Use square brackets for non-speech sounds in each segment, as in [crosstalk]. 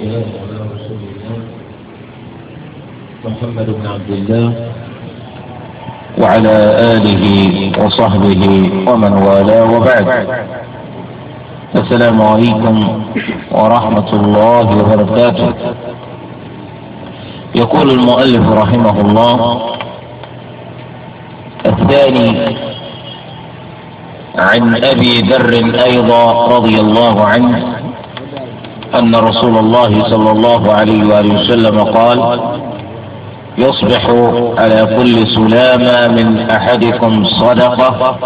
والسلام على رسول الله محمد بن عبد الله وعلى آله وصحبه ومن والاه وبعد السلام عليكم ورحمة الله وبركاته يقول المؤلف رحمه الله الثاني عن أبي ذر أيضا رضي الله عنه أن رسول الله صلى الله عليه وآله وسلم قال يصبح على كل سلامة من أحدكم صدقة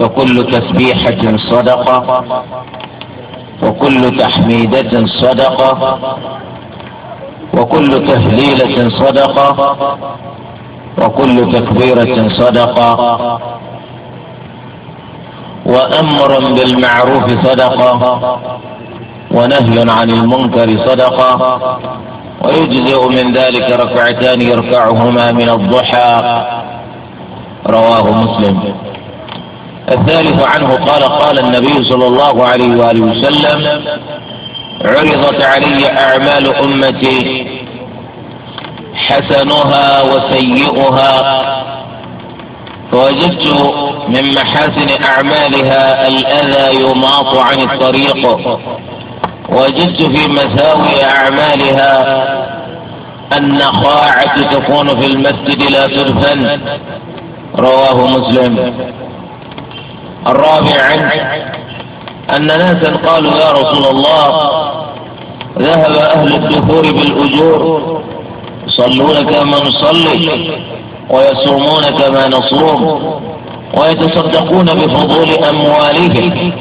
وكل تسبيحة صدقة وكل تحميدة صدقة وكل تهليلة صدقة وكل تكبيرة صدقة وأمر بالمعروف صدقة ونهي عن المنكر صدقة ويجزئ من ذلك ركعتان يركعهما من الضحى رواه مسلم الثالث عنه قال قال النبي صلى الله عليه وآله وسلم عرضت علي أعمال أمتي حسنها وسيئها فوجدت من محاسن أعمالها الأذى يماط عن الطريق وجدت في مساوي أعمالها أن خاعة تكون في المسجد لا تدفن رواه مسلم الرابع أن ناسا قالوا يا رسول الله ذهب أهل الدخول بالأجور يصلون كما نصلي ويصومون كما نصوم ويتصدقون بفضول أموالهم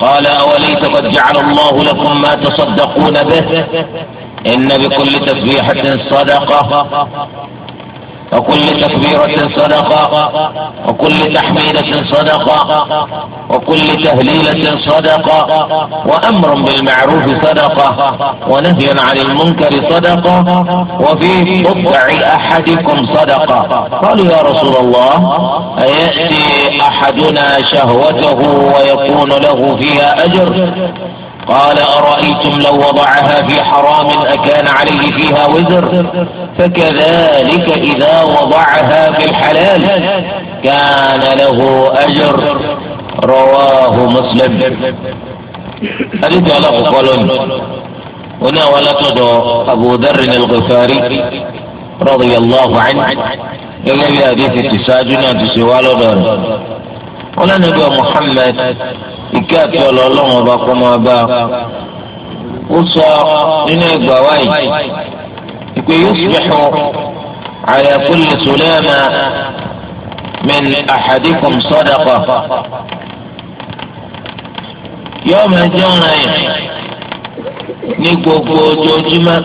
قال أوليس قد جعل الله لكم ما تصدقون به إن بكل تسبيحة صدقة وكل تكبيرة صدقة وكل تحميدة صدقة وكل تهليلة صدقة وأمر بالمعروف صدقة ونهي عن المنكر صدقة وفي قطع أحدكم صدقة قالوا يا رسول الله أيأتي أحدنا شهوته ويكون له فيها أجر قال أرأيتم لو وضعها في حرام أكان عليه فيها وزر فكذلك إذا وضعها في الحلال كان له أجر رواه مسلم حديث على قول هنا ولد أبو ذر الغفاري رضي الله عنه يقول حديث التساجن أنت سوال ọlọ́nàbíà Muhammad ìkẹ́ àti ọlọ́ọ̀lọ́wọ́n ọba kọ́ máa bá ó sọ nínú ẹgbà wáyé ìpè yusbihu ala kulli sulama min ahadikum sadaqa yóò máa jẹ́ ọ̀ràn yìí ní gbogbo ojoojúmọ́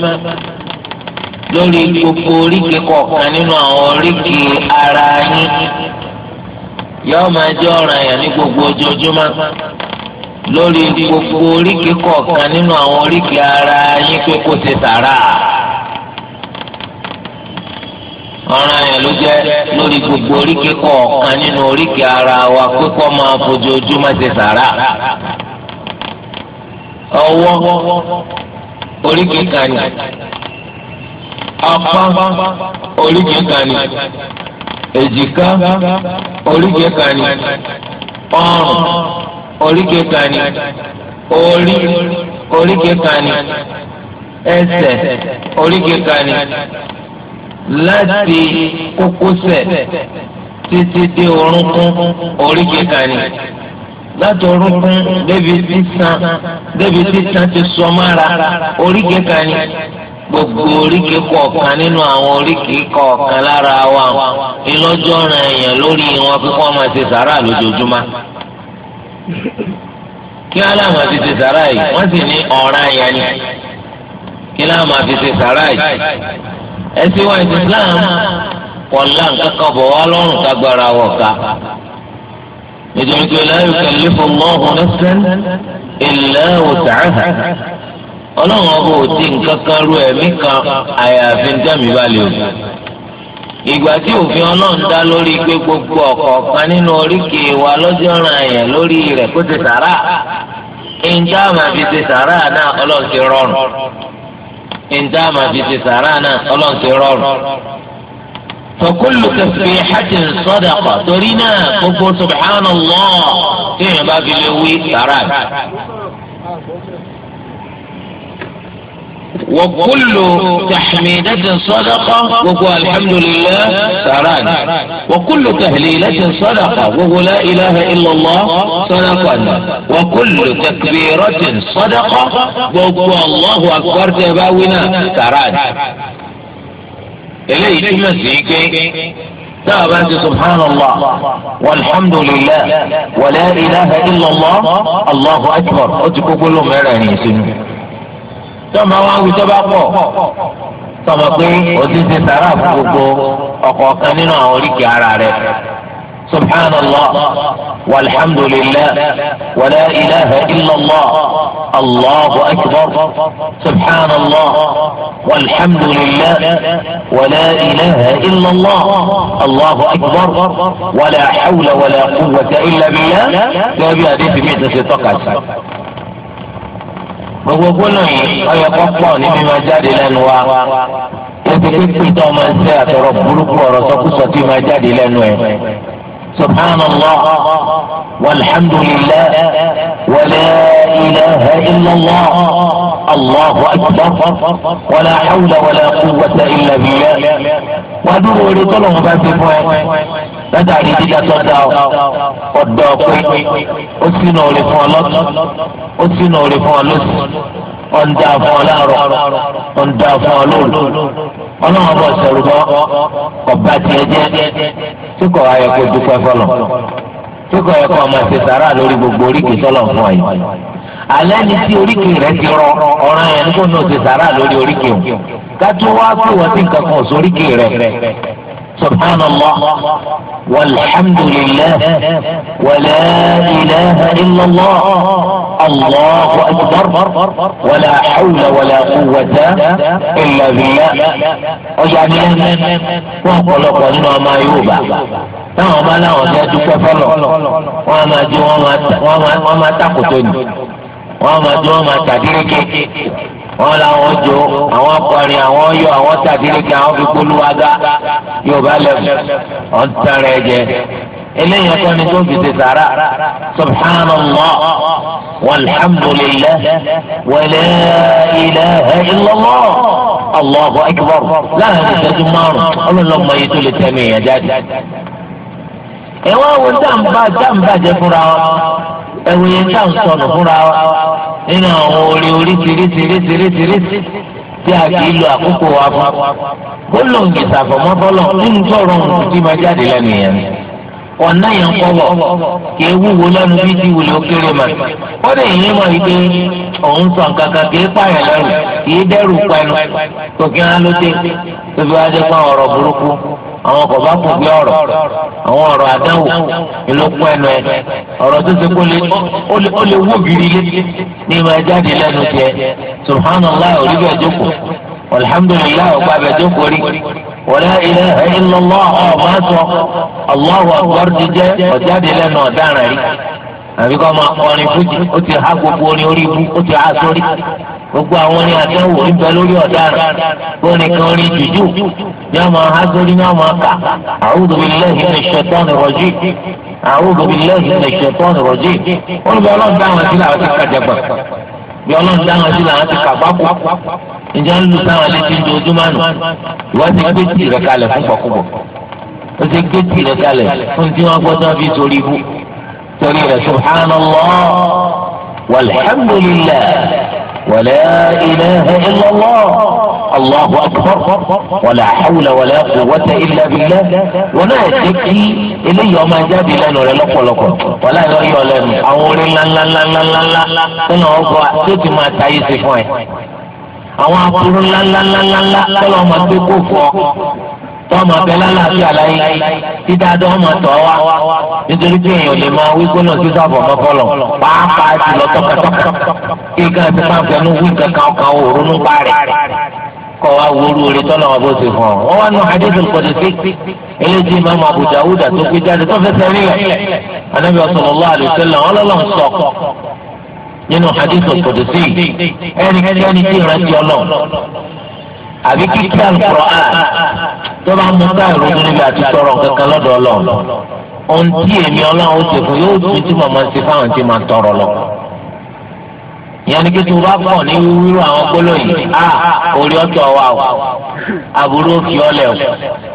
lórí gbogbo oríkèé kọ̀ọ̀kan nínú àwọn oríkèé ara yín yọọ máa jẹ́ ọ̀ràn yẹn ní gbogbo ojoojúmọ́ lórí gbogbo oríkèé kọ̀ọ̀kan nínú àwọn oríkèé ara yín pé kó ṣe sàrà ọ̀ràn yẹn ló jẹ́ lórí gbogbo oríkèé kọ̀ọ̀kan nínú oríkèé ara wa pé kó máa fojoojúmọ́ ṣe sàrà ọwọ́ oríkèé kan ní ọ̀pá oríkèé kan ní èjìká oríkèé kan ní ọrùn oríkèé kan ní orí oríkèé kan ní ẹsẹ̀ oríkèé kan ní láti kókósẹ̀ títí dé orúnkún oríkèé kan ní láti orúnkún débi sísan débi sísan ti sọ mára oríkèé kan gbogbo oríkì kọ̀ọ̀kan nínú àwọn oríkì kọ̀ọ̀kan lára wa ìlọ́jọ́ ran èèyàn lórí wọn kí wọ́n máa ṣe sàárà lójoojúmọ́. kí aláàmà fi ṣe sàárà yìí wọ́n sì ní ọ̀ràn àyà ni kí aláàmà fi ṣe sàárà yìí. ẹ̀sìn wa ìsìn Islam kọ̀ọ̀lá nǹkan kan bọ̀ wá lọ́rùn kágbára wọ̀ ká. nítorí pé la yukallifu Allahu nafsan illa wus'aha. ọlọ́run ọba ò ti nǹkan kan ru ẹ̀mí kan àyàfi ń tẹ̀mí balẹ̀ o. ìgbà tí òfin ọlọ́run lórí gbogbo ọ̀kọ̀ọ̀kan nínú oríkèé wa lọ́jọ́ ràn yẹn lórí rẹ̀ kó ti sàrà ìjà máa fi ti sàrà náà ọlọ́run ti rọrùn ìjà máa fi ti sàrà náà ọlọ́run ti rọrùn. وكل تحميدة صدقة وهو الحمد لله سعران وكل تهليلة صدقة وهو لا إله إلا الله صدقة وكل تكبيرة صدقة وهو الله أكبر تباونا سعران إليه تمسيكي تابعت سبحان الله والحمد لله ولا إله إلا الله الله أكبر أتكو كل مرة سنو tọ́mọ wọn wí tọ́ba pọ̀ tọ́mọ pé òtí ti sàrà fún gbogbo ọ̀kọ̀ọ̀kan nínú àwọn oríkì ara rẹ̀ سبحان الله والحمد لله ولا إله إلا الله الله أكبر سبحان الله والحمد لله ولا إله إلا الله الله أكبر ولا حول ولا قوة إلا بالله لا بيادي في مئة gbogbo gbólóhùn ọyọ kọ́kọ́ ní mímọ jáde lẹ́nu wa ẹbí pípé tó máa ń sẹ́ àtọ̀rọ̀ burúkú ọ̀rọ̀ sọkúsọ tí máa jáde lẹ́nu ẹ̀. subhanallah walhamdulillah wala ilaha illallah. Allahu akbar wala hawla wala quwwata illa billah wàá dúró orí tọ́lọ́mù bá ti fún ẹ látàrí dídá tó dá ọ ọ̀dọ́ pé ó sínú orí fún ọ lọ́tún ó sínú orí fún ọ lọ́sùn ọ̀ǹda fún ọ láàárọ̀ ọ̀ǹda fún ọ lóòlù ọlọ́run ọba ọ̀sẹ̀rù bọ́ ọba tiẹ̀ jẹ́ tí kò ayọ̀ kó dúpẹ́ fọlọ̀ tí kò ayọ̀ kó ọmọ ṣe sàrà lórí gbogbo oríkì tọ́lọ̀ fún ọ yìí alẹ́ ni tí oríkì rẹ̀ ti rọ ọ̀ràn yẹn nígbà náà ti sàrà lórí oríkì o kájú wá pé wọ́n ti nǹkan kan sóríkì rẹ̀ subhanallah walhamdulillah wala ilaha illallah allahu akbar wala hawla wala quwwata illa billah ọjà ni wọn ọ̀pọ̀lọpọ̀ nínú ọmọ yorùbá táwọn ọmọ aláwọ̀ ọ̀dẹ́ dúpẹ́ fọlọ̀ wọn máa jẹ wọn máa takòtò ni wọ́n máa jó wọ́n máa tàdíríkì wọ́n làwọn jó àwọn akọrin àwọn yọ àwọn tàdíríkì àwọn fi polúwaga yorùbá lẹ́fù ọ̀n tẹ̀rẹ̀ ẹ̀jẹ̀ eléyìí ọkọ ni tó fi ṣe sàrà subhanallah walhamdulillah wala ilaha illallah allahu akbar láàrin ìṣẹ́jú márùn-ún ọlọ́lọ́mọ yìí tó lè tẹ̀mí ìyẹn jáde. ẹ wá wo dáńbà dáńbà jẹ fúnra wọn ẹ̀wù yẹn tá à ń sọnù fúnra wa nínú àwọn orí oríṣiríṣiríṣiríṣi tí a kì í lo àkókò wa fún. bólú ń gbèsè àfọ̀mọ́ bọ́lọ̀ nínú tọ̀rọ̀ ohun tí máa jáde lẹ́nu yẹn ọ̀nà yẹn kọ́ bọ̀ kì í wúwo lẹ́nu bí ti wùlé ókéré mà. ó lè yín mọ̀ wípé òun sàn kankan kì í pààyàn lẹ́rù kì í dẹ́rù pẹ́nu. tòkí ló dé tóbi wá dé pa ọ̀rọ̀ burúkú àwọn kò bá kò gbé ọ̀rọ̀ àwọn ọ̀rọ̀ àdáwò ìlókù ẹnu ẹ ọ̀rọ̀ tó ti kó lè ó lè wó gírí lé ní ìmọ̀ ẹjáde lẹ́nu tiẹ̀ subhanallah orí bẹ́ẹ̀ jókòó alhamdulilayi ọgbà bẹ́ẹ̀ jókòó rí wala ilaha illallah ọ̀ máa sọ allahu akbar ti jẹ́ ọ̀jáde lẹ́nu ọ̀daràn rí àbí kọ́ máa kọrin fújì ó ti há gbogbo orin orí ibú ó ti há sórí gbogbo àwọn orin àtẹ̀wò ń bẹ lórí ọ̀daràn orin kan orin jùjú ní ọmọ há sórí ní ọmọ kà a'udhu billahi minash shaitani rajim a'udhu billahi minash shaitani rajim wọ́n bẹ ọlọ́run dáhùn sí làwọn ti kàjẹgbà bí ọlọ́run dáhùn sí làwọn ti kàgbákò ǹjẹ́ ń lu táwọn létí ti gbé tì rẹ̀ kalẹ̀ torí rẹ̀ subhanallah walhamdulillah wala ilaha illallah allahu akbar wala hawla wala quwwata illa billah wọn náà ṣe kí eléyìí ọmọ ajáde lẹ́nu rẹ̀ lọ́pọ̀lọpọ̀ wọn náà yọ yọ lẹ́nu àwọn orin ńláńláńláńláńlá sínú ọgbà tó ti máa tayé sí fún ẹ àwọn aburú ńláńláńláńlá tọ́lọ́ ọmọ gbé kó fún ọ ọmọ abẹ lálàáfíà láyé dídáadọ́ ọmọ tọ́ wa nítorí pé èèyàn lè máa wí gbóná sí sábọ̀ mọ́kọ́lọ̀ pàápàá ti lọ tọkàtọkà kí nǹkan ti máa fẹnu wí kankan kan òórùn nípa rẹ̀ kọ́ wa wúru orí tọ́lọ̀ wọn bó ti fọ̀ wọ́n wá nu hadith al-qudsi eléjì imam Abu Dawud tó gbé jáde tó fẹsẹ̀ nílẹ̀ anabi sallallahu alaihi wasallam ọlọ́lọ́ sọ nínú hadith al-qudsi ẹnikẹ́ni tí ìrántí ọlọ́ àbí kíkí Al-Qur'an tó bá mú káàró níbi àti sọ̀rọ̀ kankan lọ́dọ̀ ọlọ́run ohun tí èmi ọlọ́run ó ṣe fún yóò ju tí màmá ṣe fáwọn tí màá tọrọ lọ. ìyẹn ni kíkí wá pọ̀ ní wíwúrú àwọn gbólóyìn a ah, orí ọ̀tọ̀ wa o àbúrò fi ọlẹ̀ o.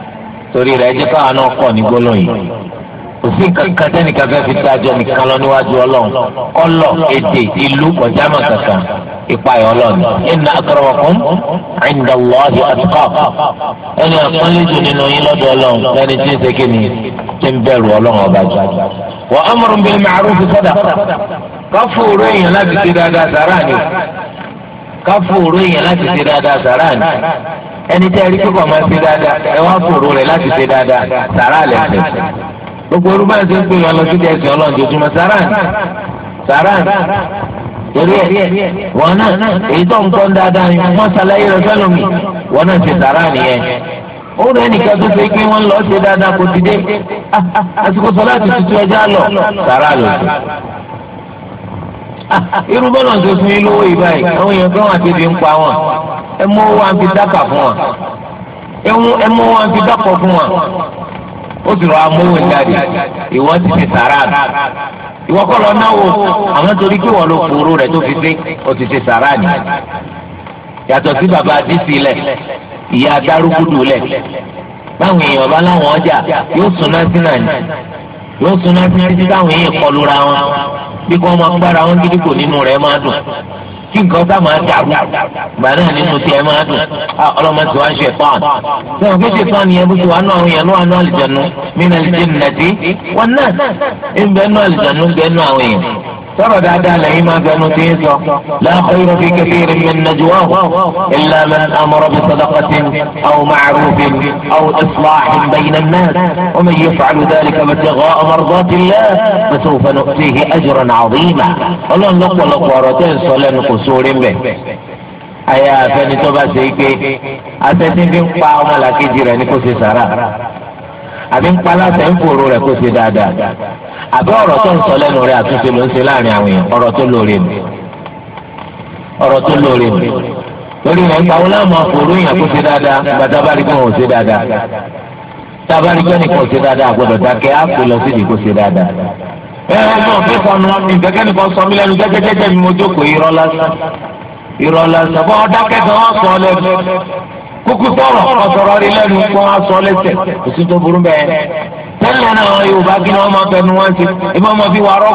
torí rẹ̀ jẹ́ káwọn náà kọ̀ ní gbólóyìn òfin kankan tẹnìkan fẹ́ fi dájọ́ nìkan lọ níwájú ọlọ́run kọ́lọ̀ èdè ìlú ọ̀jámọ̀ kankan ìpayọ̀ ọlọ́run inna akramakum inda Allahi atqakum ẹni àpọ́nlẹ́jù nínú yín lọ́dọ̀ ọlọ́run lẹ́ni tí ń ṣe kí tí ń bẹ̀rù ọlọ́run ọba jù. wa amrun bil ma'ruf sadaqa káfóòrò èèyàn láti ṣe dáadáa sàrà ni káfóòrò èèyàn láti ṣe dáadáa sàrà ni. ẹni tí a rí máa ṣe dáadáa ẹ fòrò rẹ láti ṣe dáadáa sàrà lẹ ṣe gbogbo orúkọ ẹsẹ ń pè yàn lọ ẹsẹ Ọlọ́run jojúmọ́ sàrà sàrà torí ẹ wọn náà èyí tó ń tọ́ ń dáadáa ni wọ́n ṣàlàyé rẹ wọn náà ṣe sàrà nìyẹn ó rẹ nìkan tó ṣe pé lọ ṣe dáadáa kò ti dé àsìkò tutù sàrà lọ sí irú ẹ mú owó àǹfi fún wa ẹ mú owó O fún wa ó sì rọ amówó jáde ìwọ ti ti sàrà nù ìwọ lọ náwó àwọn torí kí wọ́n lo kúrú rẹ̀ tó fi dé ó ti ti sàrà nù yàtọ̀ sí bàbá àdìsí lẹ̀ ìyá darúgbùdù lẹ̀ báwọn èèyàn bá láwọn ọjà yóò wọn bí kò máa gbára wọn gidi kò nínú máa dùn. kí nǹkan sá máa dà wù gbà náà nínú tí ẹ máa dùn ọlọ́mọ tí wọ́n ṣe tán ṣé òun kéṣe tán ni ẹbí tí wọ́n náà yẹn ló wà náà àlùjànnú mínà lìjẹ́ nàdí wọn náà àwọn ẹnbẹ́ náà àlùjànnú dáadáa nu àwọn máa sọ̀rọ̀ dáadáa lẹ́yìn máa benu tí ń sọ la khayra fi kathirin rẹ̀ mi illa ju amara bi sadaqatin aw ma'rufin aw islahin bayna an-nas wa man yaf'alu sóore mbẹ àyà àfẹni tó bá ṣe pé asẹ́tí fi ń pa ọmọlàkejì rẹ̀ ní kò ṣe sàrà àbí ń pa aláṣẹ ń fòrò rẹ̀ kò ṣe dáadáa àbí ọ̀rọ̀ tó ń sọ lẹ́nu rẹ̀ àtúnṣe ló ń ṣe láàrin àwọn èèyàn ọ̀rọ̀ tó lóore mi ọ̀rọ̀ tó lóore mi lórí rẹ̀ ìgbà wo láwọn àfòrò yẹn kò ṣe dáadáa gbàtà bá rí pé wọn ò ṣe dáadáa tá a ṣe dáadáa àgbọ̀dọ̀ dákẹ́ á lọ sí ìdí kò ṣe dáadáa. ẹ ọmọ òfin sọnù ìgbẹ́kẹ́ nìkan sọ mí lẹ́nu jẹ́jẹ́jẹ́jẹ́ mi mo jókòó lásán lásán wọn sọ kúkú rí wọn sọ kò tó burú bẹ́ẹ̀ tẹ́lẹ̀ náà Yorùbá kí ni wọ́n máa fẹnu wọn wọn fi wà náà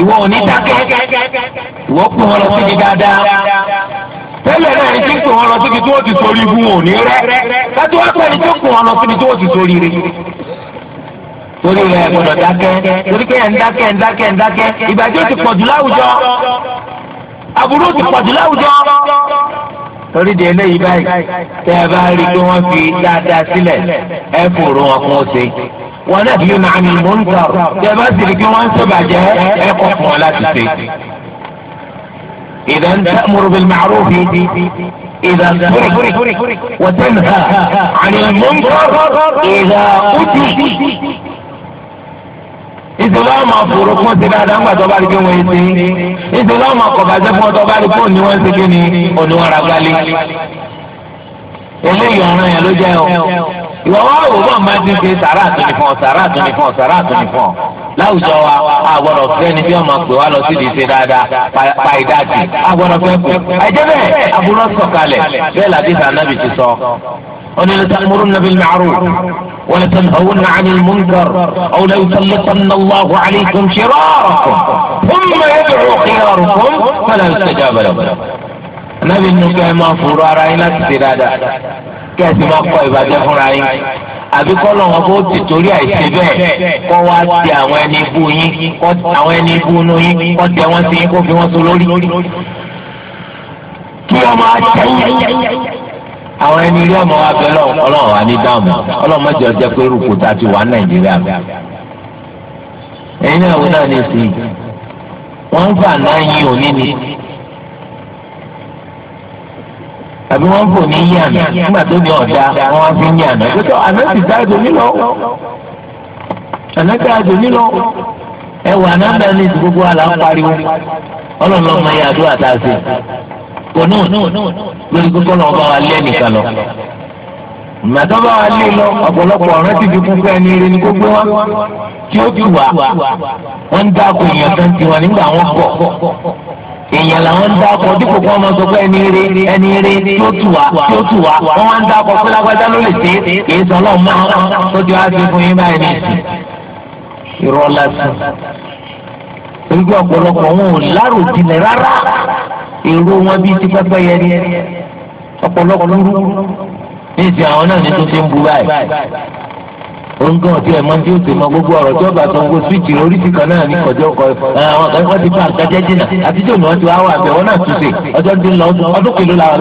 ìwọ ìwọ wọn lọ síbi dáadáa náà wọn lọ síbi torí rẹ̀ gbọ́dọ̀ dákẹ́ torí kẹ́ ẹ̀ ń dákẹ́ ẹ̀ ń dákẹ́ ẹ̀ ń dákẹ́ ìbàjẹ́ ti pọ̀jù láwùjọ aburú ti pọ̀jù láwùjọ torí di eléyìí báyìí tẹ ẹ bá rí i pé wọn fi dáadáa sílẹ̀ ẹ fòrò wọn kún ó ṣe wọn náà fi máa ní mò ń tà tẹ ẹ bá sì rí i pé wọn ń ṣèbàjẹ́ ẹ kọ fún wọn láti ṣe. إذا تأمر بالمعروف إذا ترك وتنهى عن المنكر إذا أتي ìsìláwò máa fòrò fún ti dáadáa ńgbà tó bá rí pé wọ́n ti ìsìláwò máa kọ̀ bàjẹ́ fún ọtọ́ bá rí pé òní wọ́n ti kí ni òní wọn ra gbalẹ̀. eléyìí ọ̀ràn yẹn ló jẹ́ o ìwọ wá wò bọ́ọ̀ máa ti ṣe sàrà àtúnì fún ọ sàrà àtúnì fún ọ sàrà àtúnì fún ọ láwùjọ wa a gbọ́dọ̀ fẹ́ ni bí ọmọ pè wá lọ sí ìdí dáadáa pa ìdájì a gbọ́dọ̀ fẹ́ kú àìjẹ́ bẹ́ẹ̀ aburú sọ̀kalẹ̀ bẹ́ẹ̀ làdí sànàbì ti sọ ọ ولتنهون عن المنكر أو ليسلطن الله عليكم شراركم ثم يدعو خياركم فلا يستجاب لكم النبي إنه كان مغفور رأي لا تسير kẹ́sì máa kọ ìbàjẹ́ fúnra yín àbí kọ́ lọ́wọ́ bó ti torí àìsè bẹ́ẹ̀ kọ́ wá ti àwọn ẹni ibú yín kọ́ àwọn ẹni ibú inú yín kọ́ tẹ wọ́n sí yín kó fi wọ́n so lórí. kí wọ́n máa tẹ̀yìn àwọn ẹni ilé ọmọ wa bẹ ọlọ́run wa ní dáàmú ọlọ́run má pé rúkú tá a ti wà nàìjíríà bẹ́ẹ̀. ẹ̀yin náà wọ́n náà ní sí i náà yín òní ni fò ní yín àná nígbà tó ní wá fi ń yín àná àná sì dá ètò àná dá ẹwà náà ní gbogbo àlà ń pariwo kọ̀nù lórí kókó náà bá wa lé nìkan lọ. Màtọ́ bá wa lé e lọ ọ̀pọ̀lọpọ̀ ọ̀rẹ́ ti di kúkú ẹni eré ní gbogbo wa tí ó ti wà. Wọ́n ń dáko èèyàn kan ti wọn nígbà wọn bọ̀. Èèyàn làwọn ń dáko dípò kí wọ́n máa sọ pé ẹni eré ẹni eré tí ó tù wá tí ó tù wá. Wọ́n wá ń dáko pé lágbájá ló lè dé kì sọ lọ́ọ̀ máa tó ti wá sí fún yín báyìí ní ìsìn. Irọ́ lásán. Orí ọ̀pọ̀lọpọ̀ wọn ò lárò èrò wọn bíi ti pẹ́pẹ́ yẹn ni ọ̀pọ̀lọpọ̀ lóru ní ìsìn àwọn náà ní tó ṣe ń bu báyìí oúnjẹ ọtí ẹ̀ máa ń tí ó ti mọ gbogbo ọ̀rọ̀ tí ọba tó ń gbó swíìtì oríṣi kan náà ní kọjọ́ kọ àwọn kan wọ́n ti fa àgbẹ̀jẹ̀ jìnnà àti tí ònà ti wá wà bẹ̀ wọ́n náà tún ṣe dín lọ ọdún kìló la wà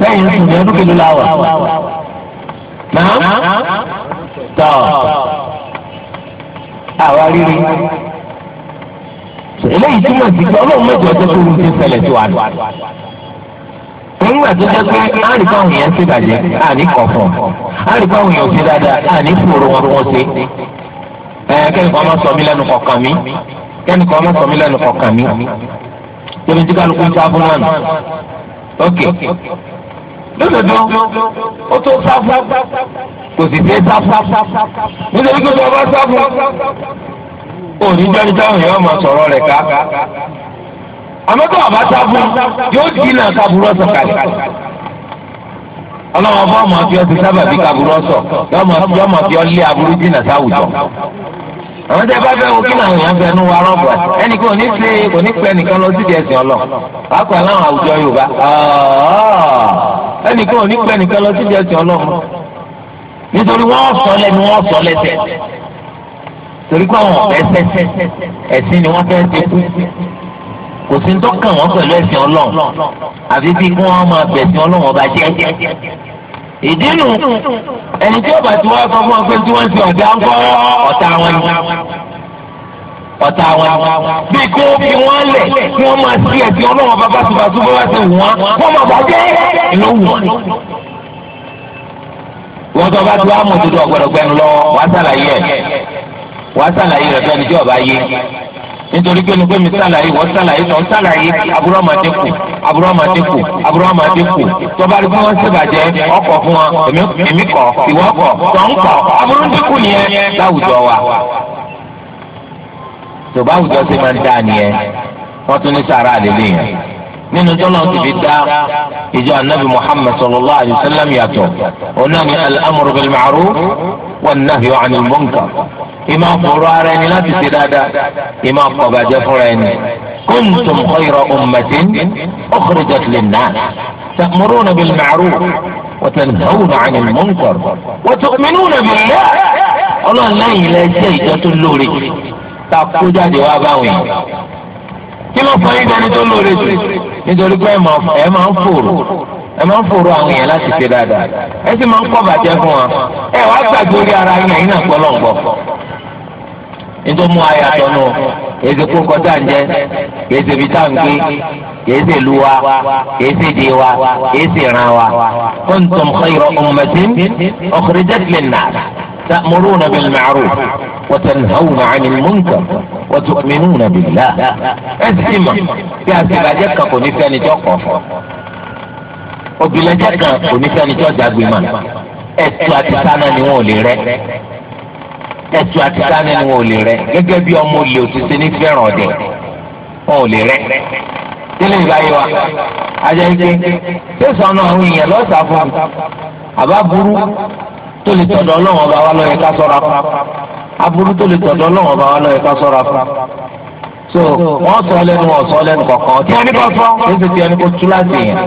báyìí lẹ́yìn sùn ní ọdún kìló la náà tọ́ àwa rírí eléyìí túmọ̀ sí pé ọlọ́run mẹ́jọ tó tó ń ṣẹlẹ̀ sí wa nù. nígbà tó jẹ́ pé àríkọ́ àwọn èèyàn ṣe bàjẹ́ àní kọ̀ọ̀kan àríkọ́ àwọn èèyàn ṣe dáadáa àní fòrò wọn wọn ṣe. kẹ́ni kan sọ mí lẹ́nu kọ̀ọ̀kan mi kẹ́ni kan sọ mí lẹ́nu kọ̀ọ̀kan mi. tóbi tí kálukú ń sáfún náà ok lódodo ó tó sáfún kò sì dé sáfún nítorí pé bàbá sáfún. òní jọ́ni táwọn èèyàn sọ̀rọ̀ rẹ̀ ká. àmọ́tọ́ àbá sábú yóò dínà kaburú ọ̀sán kalẹ̀. ọlọ́wọ́n fún ọmọ àfi ọtí sábà bí kaburú ọ̀sán fi ọ lé aburú dínà sáwùjọ. àwọn tẹ́ bá fẹ́ wo kí làwọn èèyàn fẹ́ wa rọ́bù ẹnì kò ní ṣe kò ní pẹ́ nìkan lọ sídìí ẹ̀sìn láwọn àwùjọ Yorùbá ẹnì kò ní pẹ́ torí pé àwọn ọ̀fẹ́ sẹ́sẹ́ ẹ̀sìn ni wọ́n fẹ́ ti kú kò sí ń tọ́kàn wọn pẹ̀lú ẹ̀sìn ọlọ́run àfi bí kí wọ́n máa bẹ̀sìn ọlọ́run ọba jẹ́ ìdí nu ẹni tí ọba tí wọ́n sọ fún ọ tí wọ́n ti ọ̀dà ń kọ́ ọ̀tá wọn ni ọ̀tá wọn bí kí wọ́n fi wọ́n lẹ̀ kí wọ́n máa sí ẹ̀sìn ọlọ́run bàbá tùbàtù bàbá ti wù wọ́n wọ́n máa bàjẹ́ ìlú wù wọ́n wọ́n tó bá tó àmọ̀ tó dọ̀ gbọ̀dọ̀gbẹ́nu lọ wàá sàlàyé ẹ̀ wàá sàlàyé rẹ̀ fẹ́ni tí ọba yé nítorí pé nígbà mi sàlàyé wọ́n sàlàyé tó ń sàlàyé aburú ọmọ ti kù aburú ọmọ ti kù aburú ọmọ ti kù tọ́ba rí fún wọn ṣèbàjẹ́ ọkọ̀ fún wọn èmi kọ̀ ìwọ kọ̀ tọ̀ ń kọ̀ aburú ti kù nìyẹn láwùjọ wa tòbá àwùjọ ṣe máa ń dá nìyẹn wọ́n tún ní sàrà àlè lẹ́yìn nínú tọ́lọ́ ti fi dá ìjọ anabi muhammed sallallahu alayhi wa sallam yàtọ̀ ọ̀nà ni al-amru bil ma'ruf wan-nahyu 'anil munkar ìmọ̀ àfọ̀rọ̀ ara ẹni láti ṣe dáadáa ìmọ̀ àfọ̀bàjẹ́ fúnra ẹni kuntum khayra ummatin ukhrijat lin ta'muruna bil ma'ruf wa tanhawna 'anil munkar wa tu'minuna billah ọlọ́run lẹ́yìn ilẹ̀ iṣẹ́ ìjọ tó lóore ta kó kí ló fọ yín dání tó lóore jù nítorí pé ẹ máa ń fòrò ẹ máa ń fòrò àwọn èèyàn láti ṣe dáadáa ẹ sì máa ń kọ́ bàjẹ́ fún wa ẹ wàá gbàgbé orí ara yín àyín náà gbọ́ lọ́ngbọ́ nítorí mú ayé àtọ̀ nù èsì kókó tá à ń jẹ èsì ibi tá à ń gbé èsì ìlú wa èsì ìdí wa èsì ìran wa kuntum khayra ummatin ukhrijat lin-nas. تأمرون بالمعروف وتنهون عن المنكر وتؤمنون بالله اسمع يا سباجك كوني ثاني توقف obìnrin kan kò ní sẹ́ni tó jágbe mà ẹ̀tù àti sáná ni wọn ò lè rẹ́ ẹ̀tù àti sáná ni wọn ò lè rẹ́ gẹ́gẹ́ bí ọmọ olè òṣìṣẹ́ ní fẹ́ràn ọ̀dẹ̀ wọn ò lè rẹ́ sílẹ̀ ìbáyé wa ajẹ́ ike tẹ̀sán náà àwọn èèyàn lọ́sàá fún mi àbá burú tó lè tọ̀dọ̀ ọlọ́run ọba wa lọ́yẹ ká sọ́ra fún aburú tó lè tọ̀dọ̀ ọlọ́run ọba wa lọ́yẹ ká sọ́ra fún so wọ́n sọ lẹ́nu wọ́n sọ lẹ́nu kọ̀ọ̀kan tí wọ́n ní kọ́ fún ó sì ti ẹni kó tú láti yẹn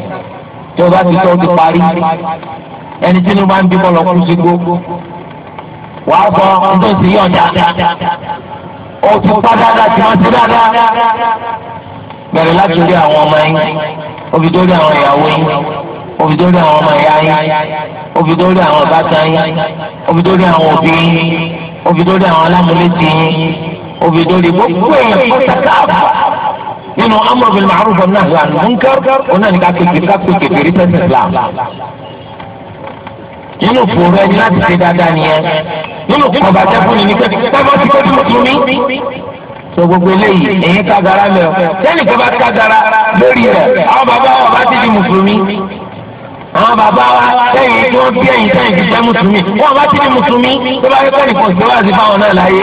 tí o bá ti tọ́ ti parí ẹni tí inú bá ń bí bọ́ lọ kú sí gbogbo wàá bọ ọdún sí yọ̀ǹda o ti pa dáadáa tí wọ́n ti dáadáa bẹ̀rẹ̀ láti orí àwọn ọmọ yín òbí tó rí àwọn ọmọ ìyá yín òbí tó rí àwọn bàtà yín òbí tó rí àwọn òbí yín òbí tó rí àwọn alámúlétì yín òbí tó rí gbogbo èèyàn pàtàkì àbá nínú amru bil ma'ruf wan nahy anil munkar òun náà ní ká kékeré ká pé kékeré tẹ̀sí Islam nínú fòrò ẹni láti ṣe dáadáa nìyẹn nínú kọba jẹ́fúnni ní kẹ́kẹ́ kọ́ba ti kọ́ mùsùlùmí. sọ gbogbo eléyìí èyí ká gara lẹ̀ ọ́ sẹ́ni kọ́ba ká gara lórí rẹ̀ àwọn bàbá wa bá ti di mùsùlùmí àwọn bàbá wa lẹ́yìn tí wọ́n bí ẹ̀yìn sẹ́yìn ti jẹ́ mùsùlùmí wọ́n bá ti di mùsùlùmí tó bá yẹ kẹ́nìkan òṣèlú àti fáwọn náà láyé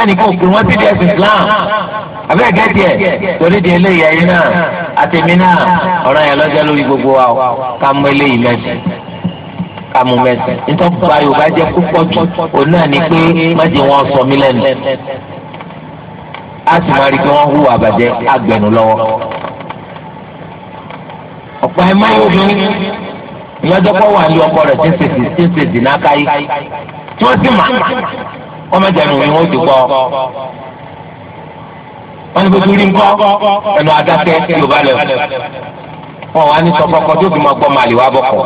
ẹnìkan òkú wọn ti di ẹ̀sìn Islam àbẹ́ẹ̀ gẹ́tì ẹ̀ torí di eléyìí ayé náà àtẹ̀mí náà ọ̀rọ̀ yẹn lọ́jọ́ lórí gbogbo wa ká mú eléyìí mẹ́sì ká mú mẹ́sì nítorí pa Yorùbá jẹ́ púpọ̀ jù òun náà ni pé mẹ́sì wọn sọ mí lẹ́nu á sì máa rí i pé wọ́n hùwà ìyájọ́ pọ̀ wà ní ọkọ rẹ̀ tí ń ṣèṣì tí ń ṣèṣì náà káyé tí wọ́n sì mà kọ́mọ̀jẹ̀nu ni wọ́n ti gbọ́ wọ́n ní bójú rí nǹkan ẹnu adákẹ́ yorùbá lẹ̀ wọ́n wá ní sọ́kọ́kọ́ tó fi máa gbọ́ màlì wá bọ̀kọ̀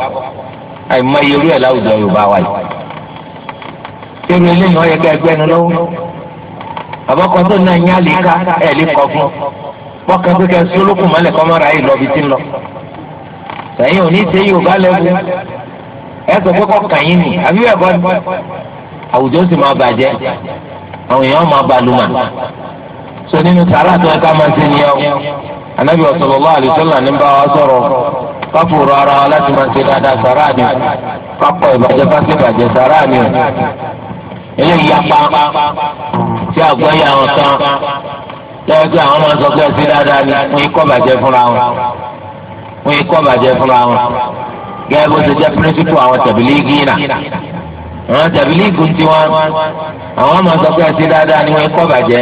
àìmọ̀ iye orí ẹ̀ láwùjọ yorùbá wa yìí irú eléyìí wọ́n yẹ ká ẹgbẹ́ ẹnu lọ́wọ́ àbọ̀kọ́ tó náà yín àlè ká ẹ̀ lè kọ́ fún wọ́n kàn pé kẹ́ sólókùn mọ́lẹ̀ kọ́ mọ́ra yìí lọ́bi tí ń lọ. ẹ̀yin ò ní ṣe yorùbá lẹ́wọ́ ẹ sọ pé yín ni àbí bẹ́ẹ̀ bọ́ àwùjọ sì máa bàjẹ́ àwọn èèyàn máa so nínú sàrà tó ẹ ká máa o anabi sallallahu alaihi wasallam ní bá wa sọ̀rọ̀ káfòrò ara wa láti máa ṣe dáadáa sàrà ni kápọ̀ ìbàjẹ́ fásitì sàrà o yapa tí tí àwọn máa sọ pé ẹ wọn yìí kọ́ bàjẹ́ fúnra wọn gẹ́gẹ́ bó ṣe jẹ́ píríncípù àwọn tàbílíìgì náà àwọn tàbílíìgì ń tiwọn àwọn ọmọ sọ pé ẹsẹ dáadáa ni wọn kọ́ bàjẹ́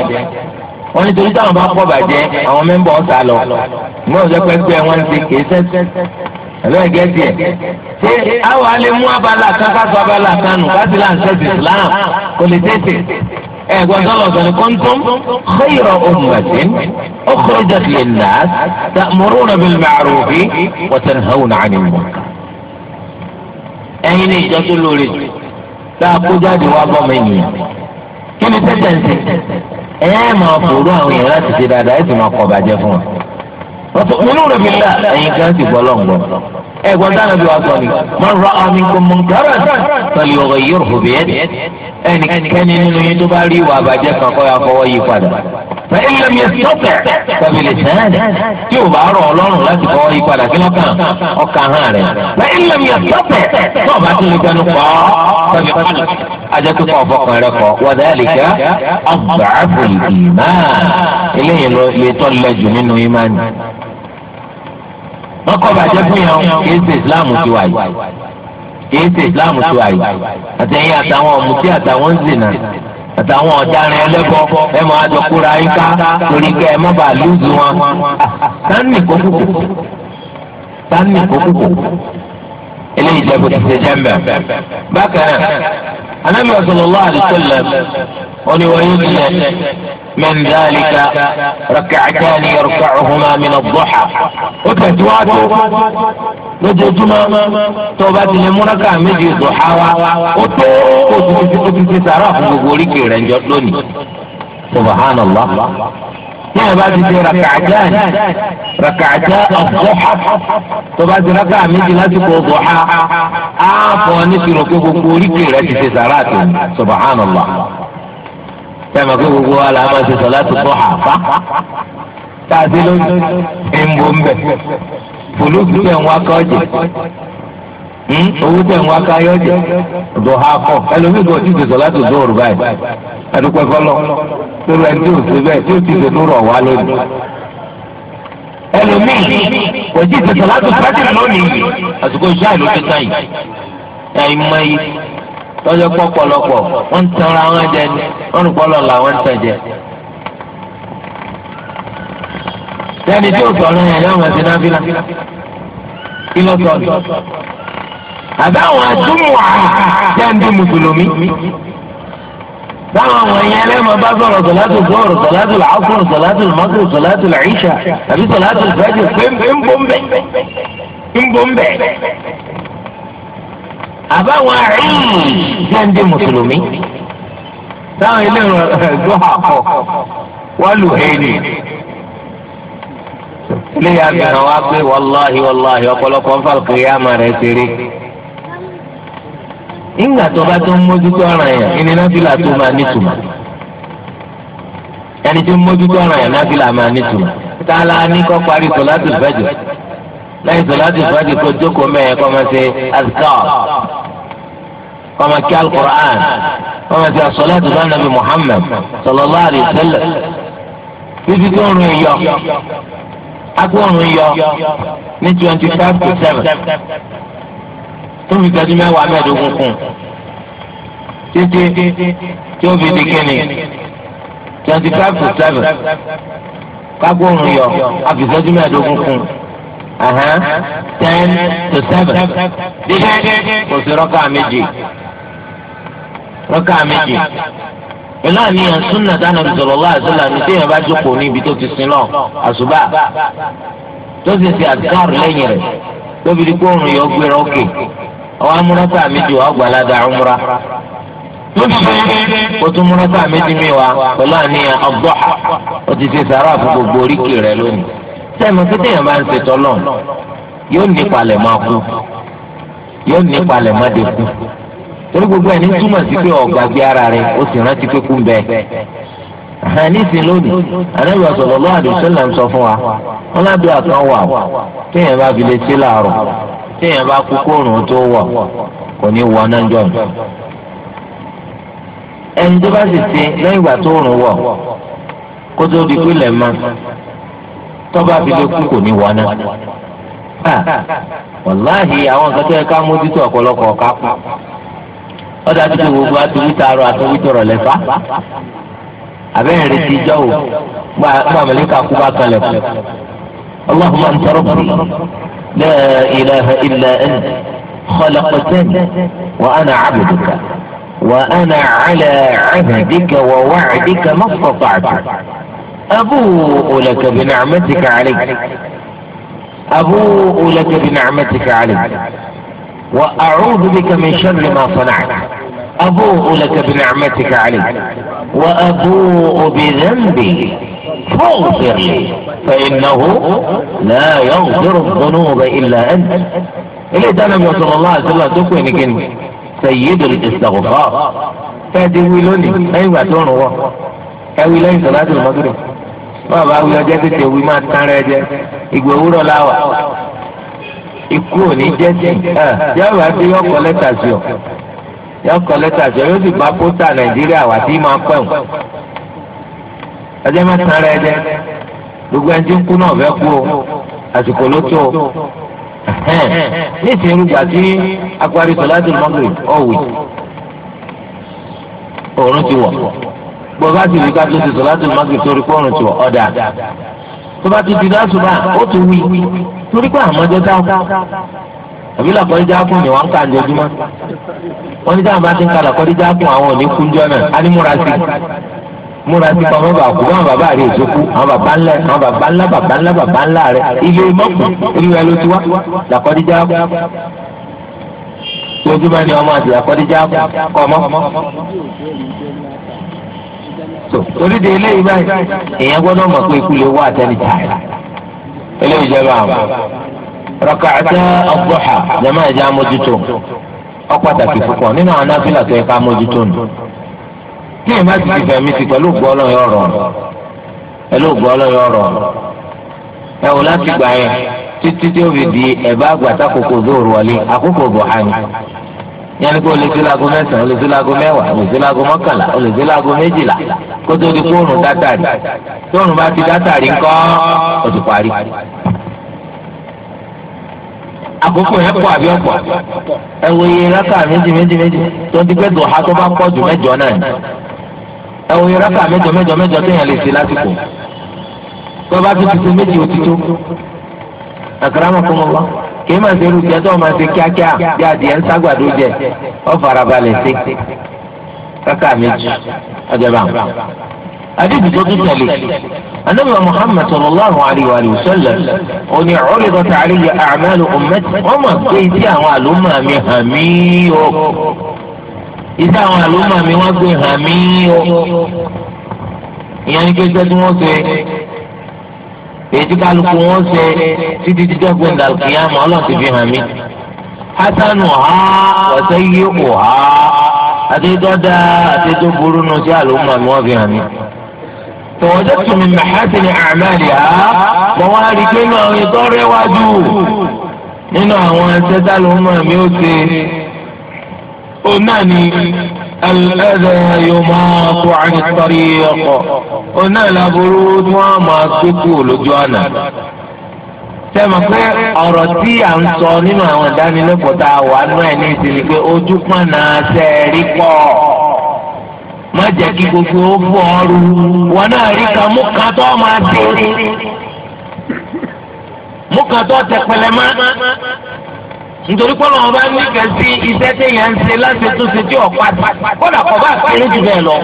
wọn nítorí táwọn bá kọ́ bàjẹ́ àwọn mẹ́mbà ọ̀sà lọ wọn ò sọ pé ẹgbẹ́ wọn ti kéé ẹ̀lọ́ ẹ̀gẹ́ tiẹ̀ ṣé àwọn alẹ́ mú abala kan ká sọ abala kan nù ká sì láǹṣẹ́ ìsìlámù kò ẹ̀gbọ́n tó lọ́sọ̀ ní kuntum khayra ummatin ukhrijat lin-nas ta'muruna bil-ma'rufi wa tanhawna 'anil munkar. ẹ̀yin ní ìjọ tó lóore jù tá a kó jáde wá bọ́ mi nìyẹn kí ni tẹ́tẹ̀ǹtì ẹ̀yẹ́ máa fòrò àwọn èèyàn láti ṣe dáadáa ẹ̀ sì máa kọ̀ bàjẹ́ fún wa. wọ́n tó ẹ̀gbọ́n dáná bí wàá sọ ni man ra'a minkum munkaran falyughayyirhu biyadihi ẹnikẹ́ni nínú yín tó bá rí ìwà àbàjẹ́ kan kó yá fọwọ́ yí padà fẹ́ẹ́ lẹ́m yẹ sọ́kẹ̀ tàbí lè sẹ́ẹ̀ tí o bá rọ̀ ọlọ́run láti fọwọ́ yí padà kí lọ́kàn ọkàn hàn rẹ̀ fẹ́ẹ́ lẹ́m yẹ sọ́kẹ̀ tí o bá tún lè gbẹnu pọ̀ tàbí pálọ̀ ajẹ́tú kọ́ ọ̀fọ́kàn rẹ̀ kọ́ wọ́dà àlìkà ọ̀gbà àbòlì ìmáà eléyìí lè tọ́ lẹ́jù nínú ìmáà wọn kọ bàjẹ́ fún yàn kì í ṣe islam ti wà yìí kì í ṣe islam ti wà yìí àtẹ̀yìn àtàwọn ọ̀mùtí àtàwọn zìnà àtàwọn ọ̀daràn ẹlẹ́bọ ẹ máa jọ kóra yín ká torí kẹ́ ẹ má bàa lùzù wọn. sanni kókòkò sanni kókòkò eléyìí jẹ́ bó ti ṣe jẹ́ mbẹ́ bákan náà anabi sallallahu alaihi wasallam oni wọ́n yóò من ذلك ركعتان يركعهما من الضحى وتدواتو lójoojúmọ́ tó o bá ti lè múra ká méjì ìdòhá wa ó tó oṣù tó ti ti sàrà fún gbogbo oríkèé rẹ̀ lónìí subhanallah tí wọn bá ti di rakaja rakaja ọ̀fọ́ha tó bá ti raka méjì lásìkò ọ̀fọ́ha á fọ nítorí pé gbogbo oríkèé rẹ ti ṣe sàràtì subhanallah tẹ́lẹ̀ pé gbogbo wa la máa ṣe sàlátù duha fa tá a ti lóyún ẹ̀ ń bọ̀ ń bẹ̀ fòlùkù tẹ̀ ń wá kọ́ Hmm? owó tẹ̀ ń wá káyọ̀ jẹ́ ha kọ ẹlòmíì kò tí ì láti dùn òrùba yìí ẹ̀dùpẹ̀ fọlọ́ lórí ẹni tí ò sí bẹ́ẹ̀ tí ò tí ì sèso wá lónìí. ẹlòmíì kò tí ì láti pẹ́tì lónìí yìí àsìkò iṣẹ́ àìlú ti tán yìí ẹ̀yìn yìí lọ́jọ́ pọ̀pọ̀lọpọ̀ wọ́n ń tanra wọn jẹ ni wọ́n ń ń àbáwọn àtúmọ̀ àjẹ́ǹdé mùsùlùmí. báwọn wọ̀nyẹn lẹ́mọ̀ bá sọ̀rọ̀ sọ̀látù gbọ́ọ̀rọ̀ sọ̀látù làákùrọ̀ sọ̀látù mọ́tò sọ̀látù làíṣà àbí sọ̀látù fẹ́jọ pé ń bọ́ ń bẹ̀ ń bọ́ ń bẹ̀. àbáwọn àrùn mùsùlùmí. táwọn ilé rẹ̀ gbọ́ àpọ̀ wọ́n lù hẹ́ẹ̀lì ilé yàrá wa pé wàláhi wàláhi ọ̀pọ̀lọpọ̀ ìgbà tó bá tó ń mójútó ọ̀ràn yẹn ìní náfìlà tó máa nítumọ̀ ẹni tó ń mójútó ọ̀ràn yẹn náfìlà máa nítumọ̀ tá a la ní kọ́ parí sọ̀láàtì fẹ́jọ lẹ́yìn sọ̀láàtì fẹ́jọ kó jókòó mẹ́yẹn kọ́ máa ṣe azkar kọ́ máa kí alukur'an kọ́ máa ṣe asọ̀láàtì bá nàbì Muhammad sallallahu alaihi wasallam títí tó ń rìn yọ agbóhùn yọ ní twenty five to seven tó fi ìtọ́jú mẹ́wàá mẹ́ẹ̀ẹ́dógún kù títí tí ó fi di kíni twenty five to seven kágbóhùn yọ àfi ìtọ́jú mẹ́ẹ̀ẹ́dógún kù ten to seven dídé kò sí rọ́kà méjì rọ́kà méjì pẹ̀lú àníyàn súnà dáná sallallahu alaihi wasallam ní téèyàn bá jókòó níbi tó ti sin náà àṣùbà tó sì ṣe àdìkárù lẹ́yìn rẹ̀ tóbi di kóòrùn yọ gbéra òkè. ọwọ́ amúrọ́sà méjì wà ọgbàládà ọmúra lóṣù o tún múrọ́sà méjì mi wá pẹ̀lú àníyàn ọgbọ o ti ṣe sàrà rẹ lónìí yẹn bá ń ṣètò lọ yóò ní palẹ̀ máa kú yóò ní palẹ̀ máa dé kú torí gbogbo ẹni túmọ̀ sí pé ọ̀gbàgbé ara rẹ sì rántí pé kú lónìí ń sọ fún wa wọn lábẹ́ bá fi lè ṣe téèyàn bá kú kóòrùn tó wọ̀ kò ní wọ náà jọ ẹni tó bá sì ti lẹ́yìn ìgbà tó rùn wọ̀ kó tó di pílẹ̀ mọ́ tọ́ba fi kú kò ní wọ náà wàláhì àwọn nǹkan tó yẹ ká mójútó ọ̀pọ̀lọpọ̀ kú ọ̀dà tó ti gbogbo arọ ọ̀rọ̀ lẹ́fà abẹ́rẹ́ o kú bá kalẹ̀ kú ọlọ́run máa ń لا إله إلا أنت خلقتني وأنا عبدك وأنا على عهدك ووعدك ما استطعت أبوء لك بنعمتك عليك أبوء لك بنعمتك عليك وأعوذ بك من شر ما صنعت أبوء لك بنعمتك عليك وأبوء بذنبي فاغفر لي فإنه لا يغفر الذنوب إلا أنت إليه ده صلى الله عليه وسلم تكوين كلمة سيد الاستغفار فاتويلوني أيوة تونوا أويلين صلاة المغرب wọ́n bá wí ọjọ́ tètè wí máa tán rẹ jẹ ìgbò òwúrọ̀ láwà ẹjẹ mẹ́ta ara jẹ gbogbo ẹni tí ń kú náà fẹ́ kú o àsìkò ló tó o akwari sọláàtì mọ́gìrì ọ̀wì òórùn ti wọ̀ gbọ̀ngàn sì rí kájú sí sọláàtì mọ́gìrì torí pé òórùn ti wọ̀ ọ̀dà tó ti di lásùbà ó ti wí torí pé àmọ́jọ táwọn àbí làkọ́díjà fún mi wọ́n ń ka àjọjúmọ́ wọ́n ní bá ti ń ka àwọn òní sí i. múra sí pamọ́ bá kú báwọn bàbá rẹ̀ èso kú àwọn bàbá ńlá àwọn bàbá ńlá bàbá ńlá bàbá ńlá rẹ̀ ilé mọ́kù irú ẹ ló ti wá làkọ́díjà kú lójúmọ́ ni ọmọ àti làkọ́díjà kú kọ́ ọmọ. torí de eléyìí báyìí èèyàn gbọ́dọ̀ mọ̀ pé ikú lè wá àtẹ́ni tààrà eléyìí jẹ́ báwọn. rọ̀kàtà ọ̀gbọ̀hà jẹ́mọ́ ẹ̀jẹ̀ amójútó ọ pàtàkì púpọ̀ nínú àwọn náfìlà tó yẹ ká mójútó nù. tí ẹ bá sì ti fẹ̀mí ti pẹ̀lú ògbọ́ ọlọ́yọ̀ ọ̀rọ̀ pẹ̀lú ògbọ́ ọlọ́yọ̀ ọ̀rọ̀ ẹ wò láti gbà yẹn títí tí ó fi di ẹ̀bá àgbàtà koko dóòrò wọlé àkókò bò hàní yẹn ni kó lè sí láago mẹ́sàn-án lè sí láago mẹ́wàá lè sí láago mọ́kànlá lè sí láago méjìlá kó tó di dátàrí ti dátàrí ńkọ́ àkókò yẹn pọ̀ àbí ọ̀pọ̀ ẹ wo iye rákà méjì méjì méjì tó ń ti pẹ́ dùn ha tó bá pọ̀ jù mẹ́jọ náà ẹ wo iye rákà mẹ́jọ mẹ́jọ mẹ́jọ téèyàn lè ṣe lásìkò tó bá tó ti ṣe méjì òtítọ́ àkàràmọ̀ kọ́ mọ́ wá kì í máa ṣe irú tiẹ̀ tó máa ṣe kíákíá bí adìẹ ń ságbàdo jẹ ọ farabalẹ̀ sí rákà méjì ọjọ́ حديث جديد تليه النبي محمد صلى الله عليه وآله وسلم أن عرضت علي أعمال أمتي وما قيت أعمال أمامي همي إذا أعمال أمامي وقي همي يعني كيف تدموت èyí kálukú wọn ṣe títí dídọ́ gbẹ̀ngà kìyàmù ọlọ́run ti fi hàn mí. hasanu ha ọ̀sẹ̀ yìí kò فوجدت من محاسن أعمالها موارد إنه يدور وجوه إنه وانسد الأمم يوسف أمامي الأذى يماط عن الطريق أنا لبرود وما تقول جوانا sẹ́mi pé tí à ń sọ nínú àwọn ìdánilẹ́kọ̀ọ́ tá a wà nú ẹ̀ ojú má jẹ́ kí gbogbo ó fún ọrù wọn náà rí kan mú kan tó máa dé mú kan tó tẹpẹlẹ má nítorí pé ọlọ́run bá ní kẹ́sí iṣẹ́ téèyàn ń ṣe láti tún ṣe tí ọ̀pá kódà kọ́ bá kéré jù bẹ́ẹ̀ lọ.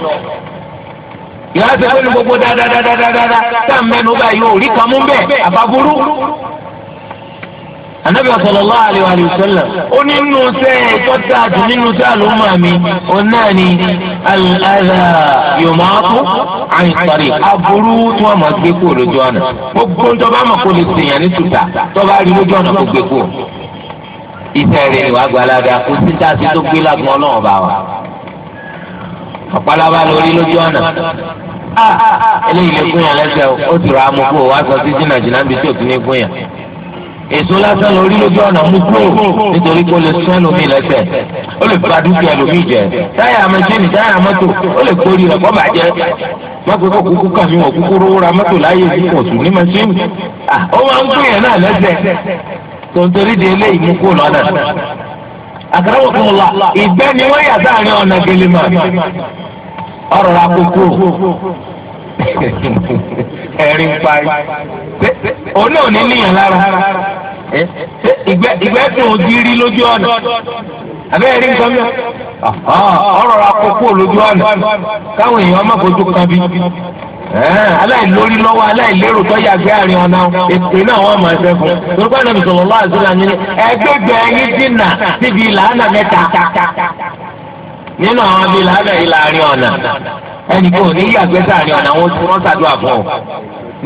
ìyá ṣe pé ní gbogbo dáadáa dáadáa dáadáa tá a mẹ́nu bá yóò rí kan mú bẹ́ẹ̀ àbá burú. anabi sallallahu alaihi wa sallam ó nínú sẹ́ tọ́ta àti nínú sẹ́ àlùmọ́ mi ó náà ni al-adha yumatu an tariq aburú tí wọ́n máa gbé kúrò lójú ọ̀nà gbogbo ń tọ́ba àmọ́ kó lè sèyàn ní tuta tọ́ba rí lójú ọ̀nà kó gbé kúrò iṣẹ́ rẹ̀ ni wàá gbalada kò sí tó gbé lágbọn ọlọ́run bá wa ọ̀pálábá lórí lójú ọ̀nà ah, eléyìí lè gúnyàn lẹ́sẹ̀ ó ti rà á kó o wá sọ sí jìnnà jìnnà bíi tí ò ètò lásán lórí lójú ọ̀nà mú kúrò nítorí kó lè sún ẹlòmíì lẹ́sẹ̀ ó lè ba dúkìá ẹlòmíì jẹ táyà táyà mọ́tò ó lè kórì rẹ̀ kọ́ bàjẹ́ mọ́tò kúkú kàn mí wọ̀ kúkú mọ́tò láyé sùn ní mẹsìnì ó máa ń gbìyànjú náà lẹ́sẹ̀ di eléyìí mú kúrò lọ́nà kan ìgbẹ́ ni wọ́n yà sáàrin ọ̀nà [laughs] ní níyàn lára ìgbẹ́ ìgbẹ́ ndị wọ́n rí lójú ọ̀nà abẹ́rẹ́ rí nǹkan mìíràn ọ̀rọ̀ akókó lójú ọ̀nà káwọn èèyàn má kan bí aláìlórí lọ́wọ́ aláìlérò tó yàgbé àárín ọ̀nà ètò náà wọ́n fún un torí lọ́wọ́ àdúrà ẹgbẹ́gbẹ́ dínà síbi ìlànà mẹ́ta nínú àwọn abẹ́ ìlànà ìlàrin ọ̀nà ò ní yàgbé sáàrin ọ̀nà àwọn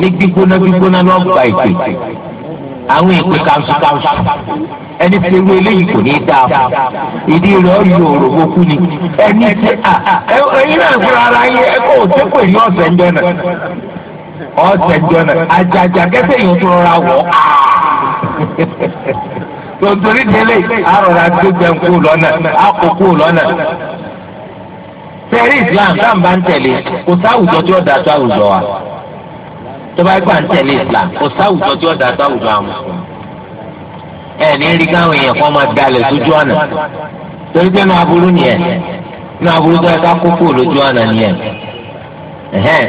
ní gbígbóná gbígbóná àwọn èpè kanṣu kanṣu ẹni tí ewu eléyìí kò ní í dáa fún ìdí yọ òrògbò kú ni ẹni tí ẹyin náà fúnra ara yẹ ẹkọ kó ní ọ̀sẹ̀ ń jọ́nà ọ̀sẹ̀ ń jọ́nà àjàjà tún rọra wọ̀ tontori délé arọra tó Islam ń kò sáwùjọ tí ó dà wa. tó bá gbà ń tẹ̀lé islam kò sáwùjọ tí ọ̀dà sáwùjọ àwọn mùsùlùmí. ẹ ní rí káwọn èèyàn kan máa dalẹ̀ sójú ọ̀nà torí pé inú aburú nìyẹn inú aburú tó yẹ ká kókó lójú ọ̀nà nìyẹn.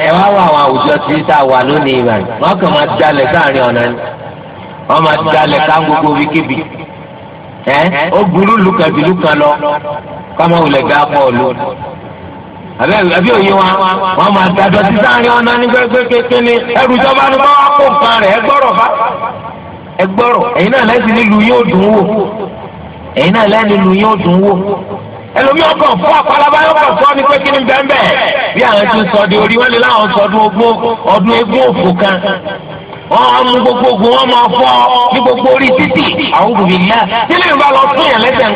ẹ wá wá àwọn àwùjọ tí tá a wà lónìí ìbàdàn wọn kàn máa dalẹ̀ sáàrin ọ̀nà ni wọn máa dalẹ̀ ká gbogbo wíkíbi ẹ ó burú lùkàbí lùkàn lọ káwọn wulẹ̀ dá pọ̀ lónìí àbí òye wa wọn máa dájọ́ títí àárín ọ̀nà ní gbẹgbẹgbẹ ni ẹrù ìjọba ni wọn wá kó nǹkan rẹ̀ ẹgbọ́rọ̀ bá ẹgbọ́rọ̀ ẹ̀yin náà lẹ́sìn nílùú yóò dùn wò ẹ̀yin náà lẹ́sìn nílùú yóò dùn wò ẹlòmíì ọkàn fún àpálábá ọkàn fún ọni pé kí bí àwọn ti sọ di orí wọn lè láwọn sọdún ogún ọdún egún òfò kan wọn mú gbogbo ogun wọn máa fọ ní gbogbo orí títì àwọn obìnrin náà nílẹ̀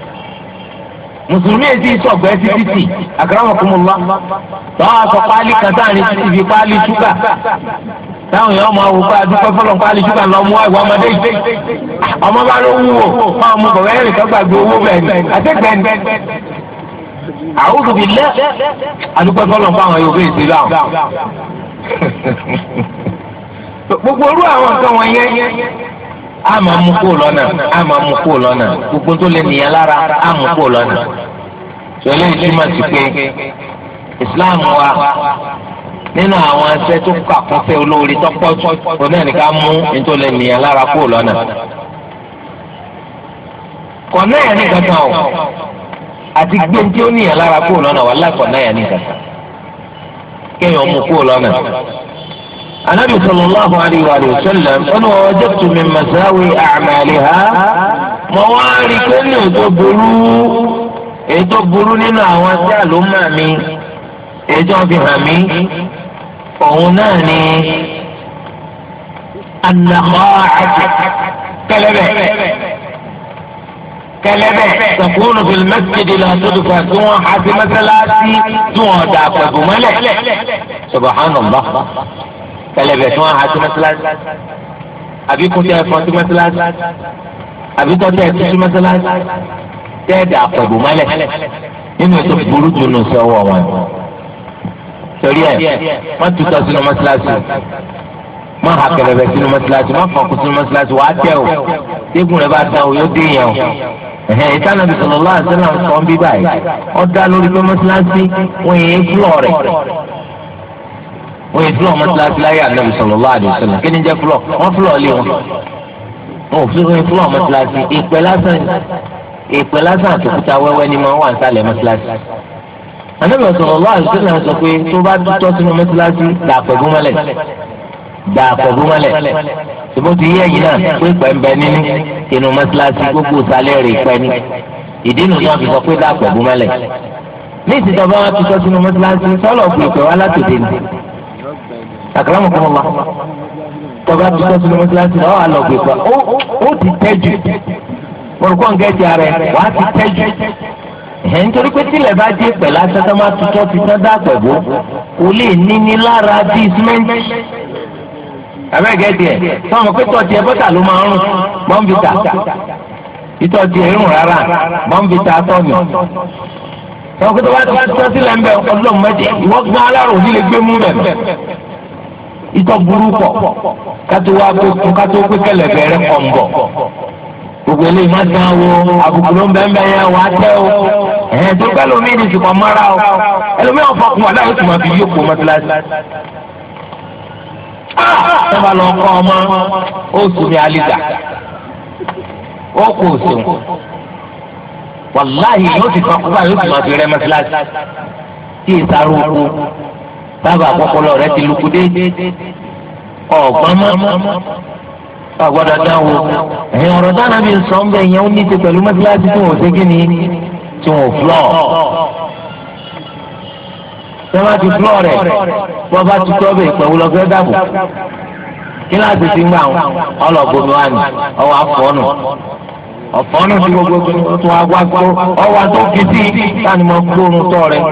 mùsùlùmí èsì ìṣọ̀gbẹ́ sí títì àkàràmọ̀kùnmọ̀lá tọ́wọ́ aṣọ páálí kan sáàrin títì fi páálí ṣúgà táwọn èèyàn máa wò pé adúpẹ́ fọlọ́n páálí ṣúgà lọ mú àìwá ọmọdé yìí ọmọ bá ló wúwo máa mú bọ̀wẹ́ ẹ̀rì kan gbàgbé owó bẹ́ẹ̀ ni àtẹ́gbẹ́ ni àwùjọ bíi lẹ́ adúpẹ́ fọlọ́n fáwọn yorùbá èsì láwọn gbogbo orú àwọn nǹkan wọn yẹn a máa kó lọ́nà a máa kó gbogbo tó lè nìyẹn lára a kó lọ́nà. sọlá yìí túmọ̀ pé ìsìláàmù wa nínú àwọn ẹsẹ tó kà kún olórí tó náà ní mú nítorí nìyẹn lára kó lọ́nà. kọ̀nà yẹn ní kankan o àti gbé tí ó nìyẹn lára kó lọ́nà wà láì النبي صلى الله عليه وآله وسلم أنا وجدت من مساوي أعمالها موارك يدبروا يدبروا لنا وسألوا مامي يجوا بهامي وهناني النخاعة كلبة كلبة تكون في المسجد لا تدفع سوى حاسمة ثلاثي سوى دعوة ملك سبحان الله pẹlẹbẹ tí wọn hàtú mẹsàlásì àbí kún tẹ ẹfọn tí mẹsàlásì àbí tọ́ tẹ ẹtútù mẹsàlásì tẹ ẹdà àpọ̀bù mọ́lẹ̀ nínú ètò burú jù nù sọ́wọ́ wọn. torí ẹ wọn tutọ́ sínú mẹsàlásì wọn hà pẹlẹbẹ sínú mẹsàlásì wọn fọkù sínú mẹsàlásì wọn á tẹ o dégùn rẹ bá tán o yóò dé yẹn o ẹ̀hẹ́n ìtànà bí sọlọ́lá àṣẹ náà sọ ń bí báyìí ọ lórí pé mọ́sálásí wọ́n yẹn ń fúlọ̀ wọ́n yẹ fúlọ̀ mọ́tíláṣí láyé ànábì sallallahu alaihi wasallam kí ni jẹ́ fúlọ̀ wọ́n fúlọ̀ lé wọn. wọn ò fi wọ́n yẹ fúlọ̀ mọ́tíláṣí ìpè lásán ìpè lásán àtòkúta wẹ́wẹ́ ni máa ń wà ń sálẹ̀ mọ́tíláṣí. ànábì sallallahu alaihi wasallam sọ pé tó bá tọ́ sínú mọ́tíláṣí dà pẹ̀lú mọ́lẹ̀ dà pẹ̀lú mọ́lẹ̀ ṣùgbọ́n ti yẹ yìí náà pé pẹ̀mbẹ́ níní inú mọ́tíláṣí gbogbo sálẹ̀ rè pẹ́ ní ìdí nù àkàràmù fún ma. tọba ti sọ sínú na ọ àlọ́gbé pa ti tẹju mọ̀rùkọ́ ń gẹ́jì rẹ ẹ̀ ti tẹju ẹ̀ nítorí pé tílẹ̀ bá dé pẹ̀lú asẹ́tọ́ máa tutọ́ ti tán dá pẹ̀bú kò lè níní lára bíi símẹ́ǹtì abẹ́gẹ́dì ẹ̀ tọ́mọ pé ẹ bọ́tà ló máa ń rárá pé sílẹ̀ ń ìtọ́ burúkọ kátó wá gbogbo kátó pé kẹlẹ̀bẹ̀ rẹ kọ̀ ń bọ̀ gbogbo eléyìí má dán wo àbùkù ló ń bẹ́ẹ̀ bẹ́ẹ̀ yẹn o ẹ̀hìn tó bẹ́ẹ̀ lómi ní ìsìnkú ọmọra o ẹlòmíì ọ̀fọ̀ kùn wà láyé tó máa fi yí òkú mọ́tíláṣí. sábà lọ kọ́ ọmọ oṣù ní alìgà ó kò sùn wàláhì yóò ti kọ́ kúbà yóò ti máa fi rẹ́ mọ́tíláṣí tí ì sáré oko sábà kọ́kọ́lọ́ rẹ ti lukudé ọ̀gbọ́n mọ́ àgbọ̀dọ̀ dáwọ́ ẹ̀yin ọ̀rọ̀ dáná bíi sọ́n bẹ́ẹ̀ yẹn ó ní ti pẹ̀lú mọ́tíláṣí tí wọ́n ò ségin ní tí wọ́n ò flọ́ sọ́nà ti flọ́ rẹ̀ wọ́n bá ti tọ́ bẹ́ẹ̀ pẹ̀lú lọ́fẹ́ dàbò kíláàsì ti ń gbà ọlọ́gbọ́mi wa ni ọwọ́ afọ́nù ọ̀fọ́nù ti gbogbo tó wá gbá ọwọ́ àtọ́kìtì táni mọ́ gbóòórùn tọ́ rẹ̀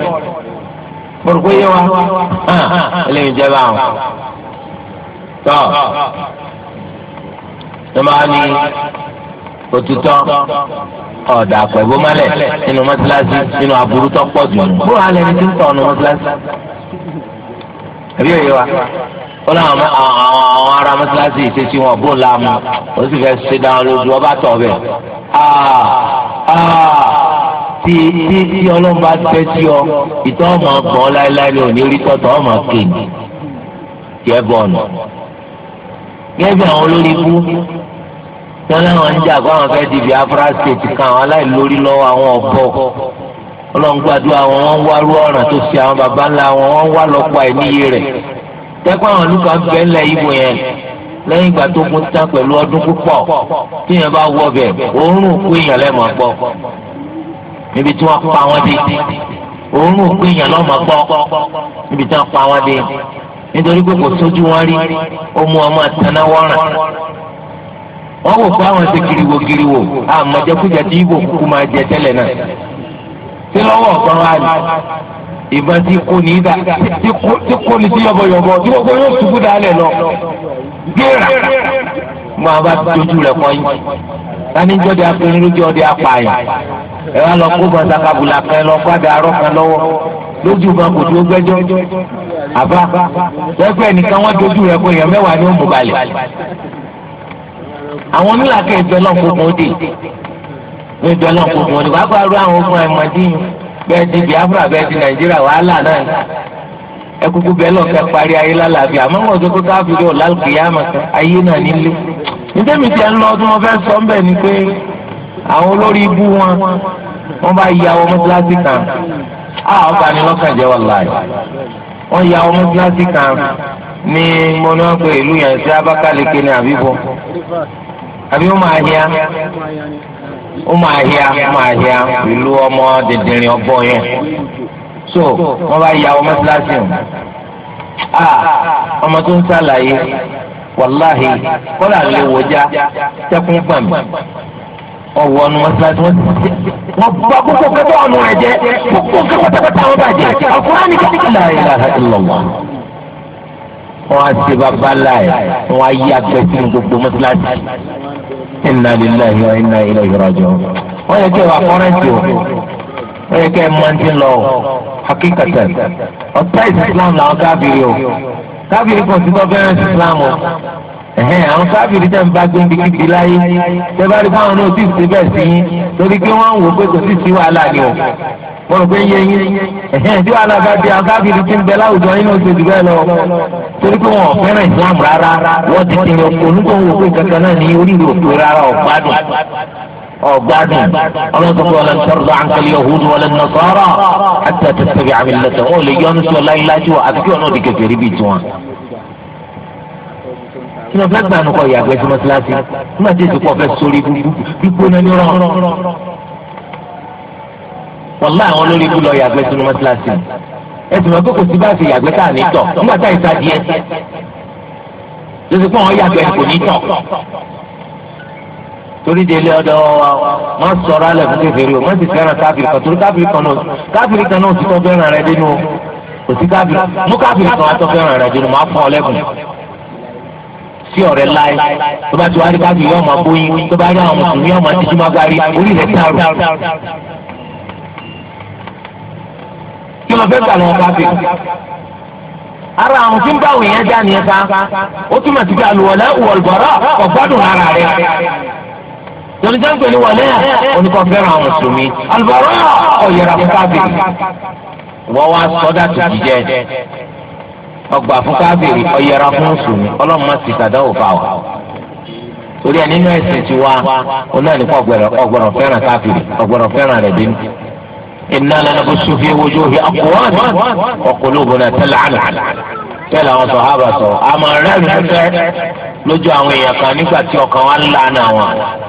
orúkọ yé wa ah, ah, ah. eléyìí jẹ báwọn tọ ní máa ní òtítọ́ ọ̀dà pẹ̀lú mọ́lẹ̀ nínú mọ́sálásí nínú aburú tó pọ̀ jù nù. bó alẹ́ ní tí ń tọ̀ nù mọ́sálásí. àbí òye wa ó láwọn àwọn ará mọ́sálásí ìṣesí wọn bó la mu ó sì fẹ́ ṣe dáhùn lójú ọba tọ̀ bẹ́ẹ̀ tí tí tí ọlọ́run bá tẹ́ sí ọ ìtọ́ ọmọ gbọ́n láéláé ni òní rí tọ́tọ́ ọmọ kéènì tiẹ́ bọ̀ọ̀nù. gẹ́gẹ́ àwọn olórí ikú tí wọ́n láwọn ń jà kó àwọn fẹ́ di Biafra state kan àwọn aláìlórí lọ́wọ́ àwọn ọ̀bọ ọlọ́run gbàdúrà wọn wọ́n wá rú ọ̀ràn tó ṣe àwọn baba ńlá wọn wọ́n wá lọ́pàá ẹ̀níyé rẹ̀ tẹ́kọ̀ àwọn olùkọ́ bẹ́ẹ̀ ńlẹ̀ lẹ́yìn ìgbà tó kún tán pẹ̀lú ọdún púpọ̀ tí bá wọ bẹ̀ òórùn kú ìyànlẹ́ mọ̀ níbi tí wọ́n pa wọn dé òórùn ògbéyàn lọ́mọ gbọ́ níbi tí wọ́n pa wọn dé nítorí pé kò sójú wọn rí ó mú ọmọ àtàná wọ́ràn wọ́n wò pé àwọn ti kiriwo kiriwo àmọ̀jẹkújẹ tí ibo kúkú máa jẹ tẹ́lẹ̀ náà tí lọ́wọ́ ọ̀gbọ́n wa ni ìbọn ti kú ní ìdá tí kú ní sí yọ̀bọ̀yọ̀bọ̀ tí gbogbo yóò tukú dálẹ̀ lọ gbéra mo àbá dojú rẹ̀ kọ́ yín tani jọde apẹrin lójú ọdẹ apààyàn ẹ wá lọ kó bàtà kabula kan lọ fàdà arọ kan lọ́wọ́ lójú ma kò tó gbẹ́jọ́ àbá lẹgbẹ nìkan wọn dojú rẹ̀ pé èèyàn mẹ́wàá ni ó mú balẹ̀ àwọn onílàkẹ ìjọlọpọpọ dé ní ìjọlọpọpọ ní bàbá arú àwọn ogun àìmọdéyìn bẹ́ẹ̀ di Biafra bẹ́ẹ̀ di Nàìjíríà wàhálà náà ẹkùkù bẹ́ẹ̀ lọ fẹ́ parí ayé lálàbí àmọ́ wọn tó ǹjẹ́ mi tiẹ̀ ń lọ tí mo fẹ́ sọ ń bẹ̀ ni pé àwọn olórí ibú wọn wọ́n bá ya ọmọ kíláàsì kan àwọn bá ní lọ́kàn jẹ́ wàláì wọ́n ya ọmọ kíláàsì kan ní mo ní wọ́n pe ìlú yẹn sí Abakaliki ní àbíbọ̀ àbí wọ́n máa híá wọ́n máa híá wọ́n máa híá ìlú ọmọ dìndìnrín ọbọ yẹn so wọ́n bá ya ọmọ kíláàsì wọn ọmọ tó ń sàlàyé wàláhì kọ́là lè wọjá tẹkùn gbọ̀n mi ọwọ́ ọ̀nù mọ́sálásí wọn bá gbogbo kẹtọ́ ọ̀nù rẹ̀ jẹ́ gbogbo kẹtọ́kẹtọ́ àwọn bàjẹ́ ọkùnrin nìkan nìkan la ilaha illallah wọn á ṣe bàbá láyé wọn á yí agbẹ́sìn gbogbo mọ́sálásí inna lillahi wa inna ilayhi raji'un wọn yẹ kí ẹ wà kọ́rẹ́ǹtì o wọ́n yẹ kẹ́ ẹ mọ́ ẹni lọ o hakikatan ọ̀tá ìsìlámù làwọn káàbìrì o kábìrì kan ti tọ́ fẹ́ràn sí islam o àwọn kábìrì tẹ̀ ń bá gbẹ̀ǹdì kíkì láyé tẹ bá rí fáwọn náà sì ṣe bẹ́ẹ̀ sí yín torí pé wọ́n ń wò pé kò sì sí wàhálà ni o mo rò pé ń yé yín tí wàhálà bá dé àwọn kábìrì ti ń bẹ láwùjọ yín náà ṣe jù bẹ́ẹ̀ lọ torí pé wọn ò fẹ́ràn islam rárá wọ́n ti tẹ̀yìn onúkọ̀ wò pé kankan náà ní orí ìròpé rárá ọ̀gbádùn ọgbádùn ọlọ́dún wọn lọ́n tọ́rọ̀ àǹkálí yahudu wọn lọ́n nasara àti àtẹ̀tẹ̀bí àmìlẹ́tẹ̀ wọn ò lè yọ́nu sí ọlá ilájú àti kí wọn náà di kékeré bíi tiwọn. kí ni ọ̀gá gbàánu kọ ìyàgbẹ́ sí mọ́sálásí nígbà tí èsì pọ̀ fẹ́ sórí gbígbóná ní rán. wàlá àwọn olórí ibú lọ ìyàgbẹ́ sínú mọ́sálásí ẹ̀sìn mọ́ kókò sí bá ṣe ìyàgbẹ́ tá à ní tọ̀ nígbà tá torí délé ọ̀dọ̀ wa má sọ̀rọ̀ alẹ fún kékeré o má sì fẹ́ràn káfíìrì kan torí káfíìrì kan náà káfíìrì kan náà òtítọ́ fẹ́ràn rẹ dénú o òtí káfíìrì mú káfíìrì kan àtọ fẹ́ràn rẹ dénú máa fọ ọlẹkùn sí ọ̀rẹ́ láì tó bá ti wá rí káfíìrì yóò máa bóyin tó bá rí àwọn mùsùlùmí yóò máa títí máa kárí orí rẹ tààrù. kí ló fẹ́ gbà lọ́wọ́ káfíìrì ara àwọn tí ń bá òyìn ẹja nìyẹn ká ó túmọ̀ sí pé àlùwọ̀lẹ́ wọ̀lbọ̀rọ̀ ọ̀gbọ́dún ara rẹ̀ tòlítẹ́ ń pè ní wàlẹ́ oníkọ́ fẹ́ràn àwọn mùsùlùmí alùpàrọ̀ ọ̀yẹ̀rà fún kábìrì wọ́n wá sọ́dá tó ti jẹ́ ọgbà fún kábìrì ọ̀yẹ̀rà fún mùsùlùmí ọlọ́mọ ti sàdáwò fà wa torí ẹ nínú ẹ̀sìn ti wá onáà nípa fẹ́ràn kábìrì fẹ́ràn rẹ̀ bínú. sọ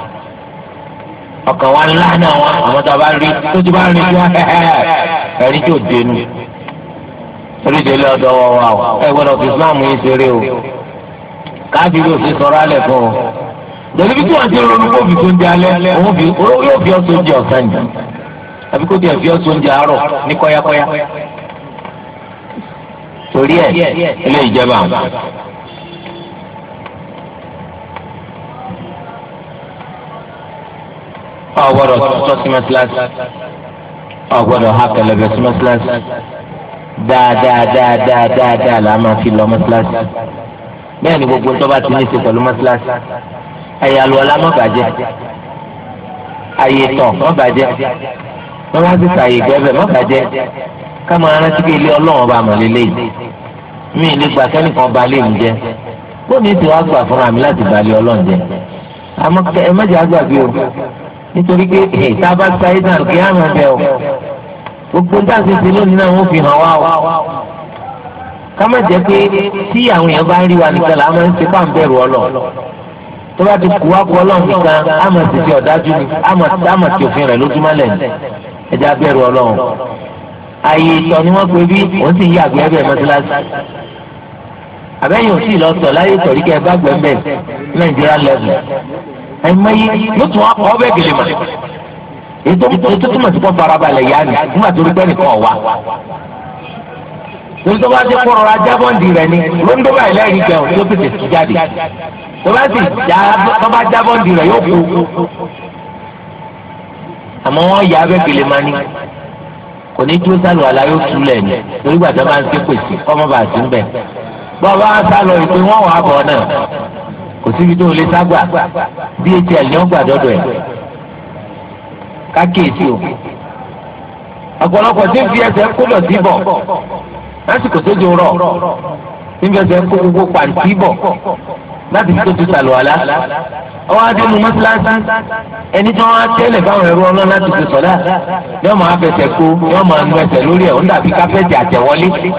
ọkàn wa ńlá náà wọn àwọn tó a bá rí tó ti bá rí tó ẹ̀rí tó dénú oríṣiríṣi ọ̀dọ́ wọn wà o ẹ gbọ́dọ̀ fi Islam yín ṣeré o káàdì yóò fi sọ̀rọ̀ alẹ́ fún bí ti ronú kó fi òun fi yóò fi ọsọ oúnjẹ yìí àbí kó fi ọsọ oúnjẹ ní torí ilé ọ̀gbọ́dọ̀ tọ́ sí mọ́sálásí ọ̀gbọ́dọ̀ ha pẹlẹbẹ sí mọ́sálásí dáadáa dáadáa dáadáa là á máa fi lọ mọ́sálásí bẹ́ẹ̀ ni gbogbo tó bá ti ní í ṣe pẹ̀lú mọ́sálásí àyàlú ọ̀la má bàjẹ́ àyè tọ̀ má bàjẹ́ lọ́wọ́ ti sàyè gbẹ́bẹ̀ má bàjẹ́ ká máa rántí pé ilé ọlọ́run ọba àmọ̀ lélẹ̀ yìí mi ì lè gbà kẹ́nìkan ba lé mi jẹ́ bóun ní ti wá gbà fúnra mi láti ba lé ọlọ́run jẹ́ àmọ́ ẹ má jẹ́ àgbàgbé o nítorí pé ìtaba sáyé náà kí á máa bẹ̀ ọ́ gbogbo ń dáhùn sí lónìí náà wọ́n fi hàn wá o ká má jẹ́ pé tí àwọn èèyàn bá ń rí wa nìkan là á máa ń ṣe bá ń bẹ̀rù ọ lọ tó bá ti kú wá kú ọlọ́run nìkan á máa sì fi ọ̀dájú ni á máa ti òfin rẹ̀ lójúmọ́ lẹ̀ ẹja bẹ̀rù ọlọ́run ààyè ìtọ̀ ni wọ́n pe bí òun sì ń yà ẹgbẹ́ mọ́tíláṣí àbẹ́yìn òsì lọ sọ láyé ìtọ̀rí kẹ́ bá gbẹ́ àìmọye yóò tún wá kọ́ bẹ́ẹ̀ gèlè mọ̀ ètò túmọ̀ sí kọ́ farabalẹ̀ yá ni nígbà tó rí pẹ́ nìkan wá torí tó bá ti kọ̀rọ̀ ajá bọ́ǹdì rẹ̀ ni lóńdó báyìí lẹ́yìn gẹ̀ ọ́ tó tètè tú jáde tó sì tó bá já bọ́ǹdì rẹ̀ yóò kú àmọ́ wọ́n yà á bẹ́ẹ̀ gèlè mọ́ ni kò ní dúró sálọ àlàyé òtúlẹ̀ ni torí gbàtà máa ń ké pèsè kọ́mọ́ bàtí ń bẹ̀ bọ́ọ̀ bá sálọ ìpín wọn wà bọ̀ náà. kò síbi tó lè ságbà dhl ni ó gbà dọ́dọ̀ ẹ̀ o ọ̀pọ̀lọpọ̀ tí ń fi ẹsẹ̀ kó lọ sí bọ̀ lásìkò tó jò rọ̀ tí ń fi kó gbogbo pàǹtí bọ̀ láti fi tó ọwọ́ ẹni tí wọ́n á tẹ́lẹ̀ láti fi sọ̀dá máa fẹsẹ̀ kó máa nu ẹsẹ̀ lórí ẹ̀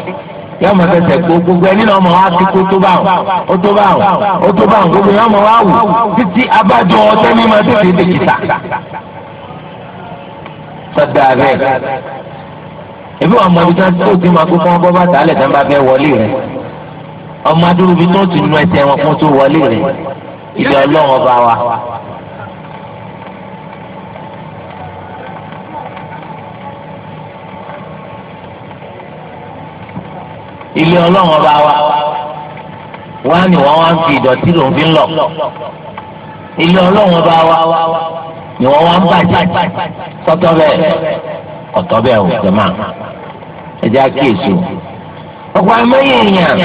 yóò mọ fẹsẹ̀ gbó gbogbo ẹni náà mọ wá sí kó tó bá wọn ó tó bá wọn ó tó bá wọn gbogbo yóò mọ wá wù títí abájọ ọtẹ ní ma tètè dé kìtà. sọdọ abẹ ebi wọn mọ ibi tí wọn tó ti máa kó fún ọgbọ́n bàtà alẹ́ tí wọn bá fẹ́ wọlé rẹ ọmọ adúlùmí tó ti nu ẹsẹ̀ wọn fún tó wọlé rẹ ìdí ọlọ́run ọba wa. ilé ọlọ́run ọba wa wá ní wọ́n wá ń fi ìdọ̀tí ọba wa ni wọ́n wá ń bàjẹ́ sọ́tọ́ bẹ́ẹ̀ ọ̀tọ́ bẹ́ẹ̀ ò jẹ́mà ẹ̀jẹ̀ àkíyèsí ọ̀pọ̀ àmọ́yé èèyàn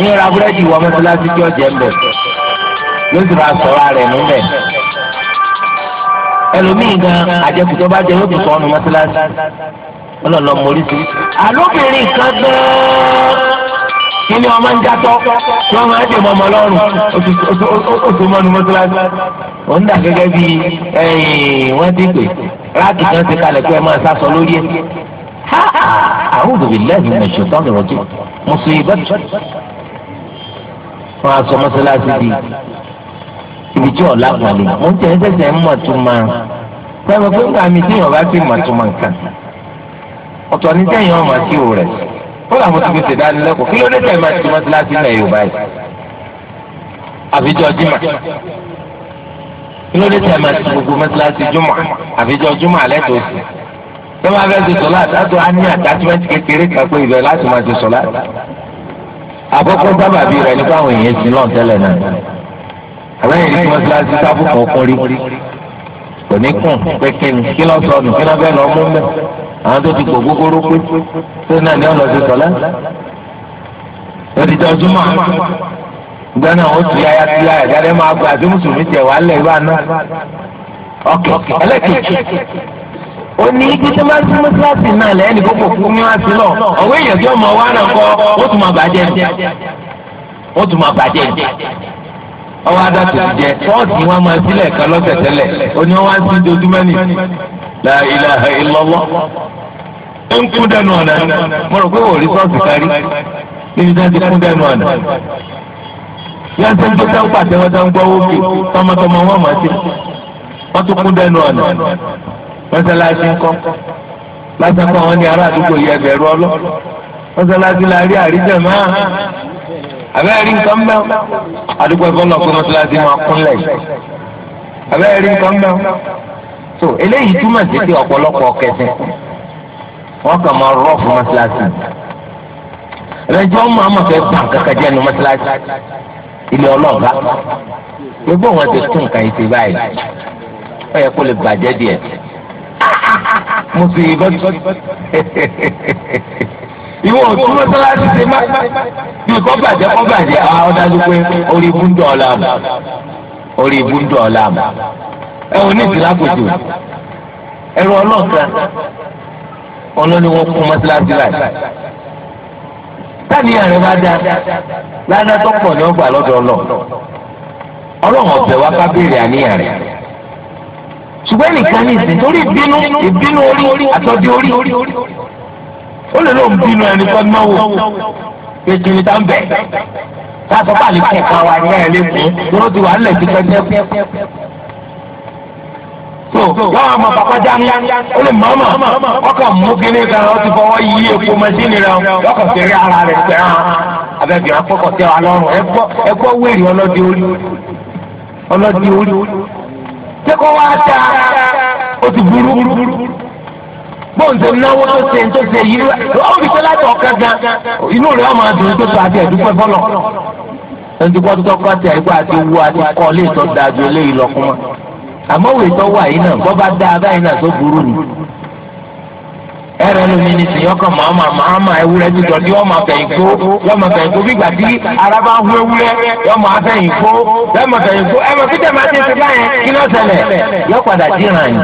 ní ra búrẹ́dì wọ mọ́tíláṣí tí ọ̀jẹ̀ sì sọ̀rọ̀ rẹ̀ ẹlòmíì gan ọlọ́lọ́ mórí sí. àlóbìnrin kan gbọ́ọ́ kí ni ọmọ ń jatọ́ kí wọ́n máa dè mọ́mọ́ lọ́rùn oṣù mọ́nu mọ́tíláṣí. òun dà gẹ́gẹ́ bí wọ́n ti pè ráàkì kan ti kalẹ̀ pé ẹ máa sásọ lórí ẹ̀. a'udhu billahi minash shaitani rajim musibatu. wọ́n á sọ mọ́tíláṣí di ibi tí ọ̀la gbàlè. mo ń tẹ̀ ẹ́ sẹ̀sẹ̀ ń mọ̀tún máa. sẹ́wọ̀n pé nǹkan mi tí yọ̀ọ̀ bá fi mọ̀tún máa ń kàn ọ̀tọ̀ ní tẹ̀yìn ọmọ àti ìhò rẹ̀ ó làwọn ti fi ṣèdánilẹ́kọ̀ọ́ kí ló dé tẹ̀ máa ti mọ́síláṣí ilẹ̀ yorùbá yìí àbíjọ jimá kí ló dé tẹ̀ máa ti gbogbo mọ́síláṣí jumá àbíjọ jumá alẹ́ tó sì tó máa fẹ́ ti sọ̀lá àtàtọ̀ á ní àtàtúmẹ́ntì kékeré kan pé ibẹ̀ láti máa ti sọ̀lá àkọ́kọ́ sábàbí rẹ̀ nípa àwọn èèyàn sí lọ́n tẹ́lẹ̀ náà àbẹ́yìn ní mọ́síláṣí sábùkọ̀ ọkùnrin kò ní kùn pé kí ni kí lọ́ sọnù kí lọ́ fẹ́ lọ́ mú mẹ́. àwọn tó ti gbò gbogbooro pé tó náà ní ọ̀nà ti sọ̀lá lọ́dìjà ọdúnmọ̀ ìgbà náà wọ́n ti yáya ti yáya jáde máa gba àti mùsùlùmí tẹ̀ wá lẹ̀ ìwà náà ọ̀kẹ́ ẹlẹ́kẹ̀kẹ́ ó ní ibi tí wọ́n ti mú kíláàsì náà lẹ́yìn gbogbo fún mi wá sí lọ ọ̀wé èèyàn tí ọmọ wa náà kọ́ ó tún máa bàjẹ́ ó tún máa bàjẹ́ ọwọ́ adá tó ti jẹ fọ́ọ̀tì wọn máa sílẹ̀ kan lọ́sẹ̀ tẹ́lẹ̀ ó ní wá sí ojoojúmọ́ la ilaha illallah ó ń kú dẹnu ọ̀nà mo rò pé wò rí sọ́ọ̀sì kárí níbi tí wọ́n ti kú dẹnu ọ̀nà yá ṣe ń gbé táǹpà tẹ́wọ́ táǹgbọ́ òkè tọmọtọmọ wọn mọ̀ sí wọ́n tún kú dẹnu ọ̀nà mọ́sálásí ńkọ́ lásán kọ́ wọn ní ará àdúgbò yẹ ẹgbẹ̀rú ọlọ́ mọ́sálásí la rí àríjẹ̀ abẹ́rẹ́ rí nǹkan mẹ́wọ́ àdúgbò ẹ̀fọ́ náà kó mọ́sálásí máa kúnlẹ̀ abẹ́rẹ́ rí nǹkan mẹ́wọ́ so eléyìí túmọ̀ sí pé ọ̀pọ̀lọpọ̀ kẹsìn wọn kàn máa rọ́ fún mọ́ṣáláṣí ẹ̀rẹ́jọ́ ọmọ àmọ̀ fẹ́ gbà kankan jẹ́ nu mọ́ṣáláṣí ilé ọlọ́ọ̀gá gbogbo wọn ti tún nǹkan ìṣe báyìí ó yẹ kó lè bàjẹ́ díẹ̀ mo sì bọ́ ìwọ òtún mọ́sálásí ṣe má bí kò bàjẹ́ kò bàjẹ́ àwọn ọ̀dájú pé orí ibú ń dọ̀ ọ́ orí ibú ń ẹ̀wọ̀n ní ìdílé àpòjù ẹ̀rọ ọlọ́ọ̀kan ọlọ́ni wọn kún mọ́sálásí láì. táníyàn rẹ bá dá ládàá pọ̀ ní ọgbà lọ́dọ̀ ọlọ́ ọlọ́run ọ̀bẹ wa ká béèrè àníyàn rẹ. ṣùgbọ́n nìkan ní ìsìn torí ìbínú ìbínú orí àtọ́jú orí ó lè lóun bínú ẹni tó náwó ètò ìta ń bẹ̀. ká sọ pé wa kan yọọ ọmọ bàbá jáni ó lè mọ ọmọ ọkọ mú kíní kan ó ti fọwọ́ yí epo mẹsìnì rẹ ọkọ fèrè ara rẹ pẹ hàn abẹ́bí wọn kọ́kọ́ tẹ wa lọ́rùn ẹ gbọ́ wéèrè ọlọ́dẹ orí ọlọ́dẹ orí ṣé kó wá ta ó ti burú bóńdé náwó tó ṣe tó ṣe yìí ó fi ṣe láti ọ̀kan gan inú rẹ̀ ọmọ àdúró tó tó àti ẹ̀dúpẹ́ bọ́lọ̀ ẹ̀dúpẹ́ tó kọ́ àti ẹ̀gbọ́ àti owó àti kọ́ lè tọ́ da ju eléyìí lọ fún wa àmọ́ òwe tó wà yìí náà bọ́ba dá a báyìí náà tó burú ni. ẹrẹ lómi ni sèyí ọkàn máa ma máa ma ewúrẹ́ dídọ̀ ní ọmọ afẹ́yìn kó yọmọ afẹ́yìn kó bígbà tí ara bá hu ewúrẹ́ yọmọ afẹ́yìn kó yọmọ afẹ́yìn kó ẹmọ títẹ̀ máa ti ṣe báyẹn kí ló ṣẹlẹ̀ yọ padà jíran yìí.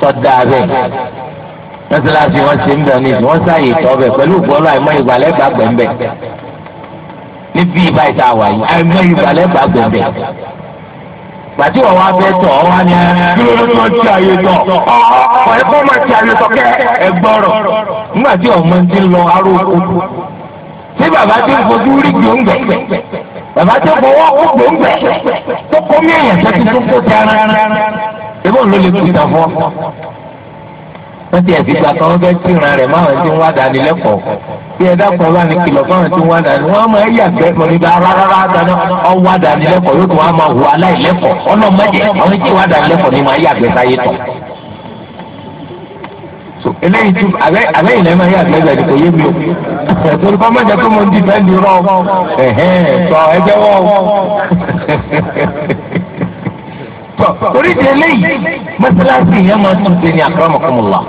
sọdá abẹ mẹsàlásì wọn ṣe ń bẹ ní wọn sáàyè tọ́ bẹ pẹ̀lú bọ́ọ̀lù àìmọ́ ìgbàlẹ́ gbàgbẹ́ ń bẹ níbi ìbáyìí tá a wà yìí àìmọ́ ìgbàlẹ́ gbàgbẹ́ ń bẹ gbàtí wọn wá fẹ́ tọ̀ ọ́ wá ní kí ló ló ti àyè tọ̀ ọ̀ ẹ̀ kọ́ máa ti àyè tọ̀ kẹ́ ẹ̀ gbọ́rọ̀ nígbà tí ọmọ ti ń lọ aró oko tí bàbá ti ń fojú rí gbòǹgbẹ bàbá ti fọwọ́ kó gbòǹgbẹ tó kọ́ mí èèyàn tó tó kó tẹ́ ara ẹ̀bọ̀n ló lè kú ìtàn wọ́n ti ẹ̀fí gbà kan wọ́n fẹ́ tìran rẹ̀ máwọn tí ń wá dání lẹ́kọ̀ọ́ bí ẹ dákun bá ní kìlọ̀ fáwọn tí ń wá dání wọ́n máa ń yàgbẹ́ mọ̀lẹ́bà rárára dáná ọ̀ wá dání lẹ́kọ̀ọ́ yóò tún wá máa hùwà aláìlẹ́kọ̀ọ́ ọ̀nà mẹ́jẹ àwọn tí wá dání lẹ́kọ̀ọ́ ni máa yàgbẹ́ sáyé tọ̀. eléyìí tún àbẹ́yìn lẹ́ẹ̀ máa yàgbẹ́ bẹ̀rẹ̀ kò yé mi o torí [laughs] torí di eléyìí mọ́sálásí yẹn máa tún ṣe ní akramakumullah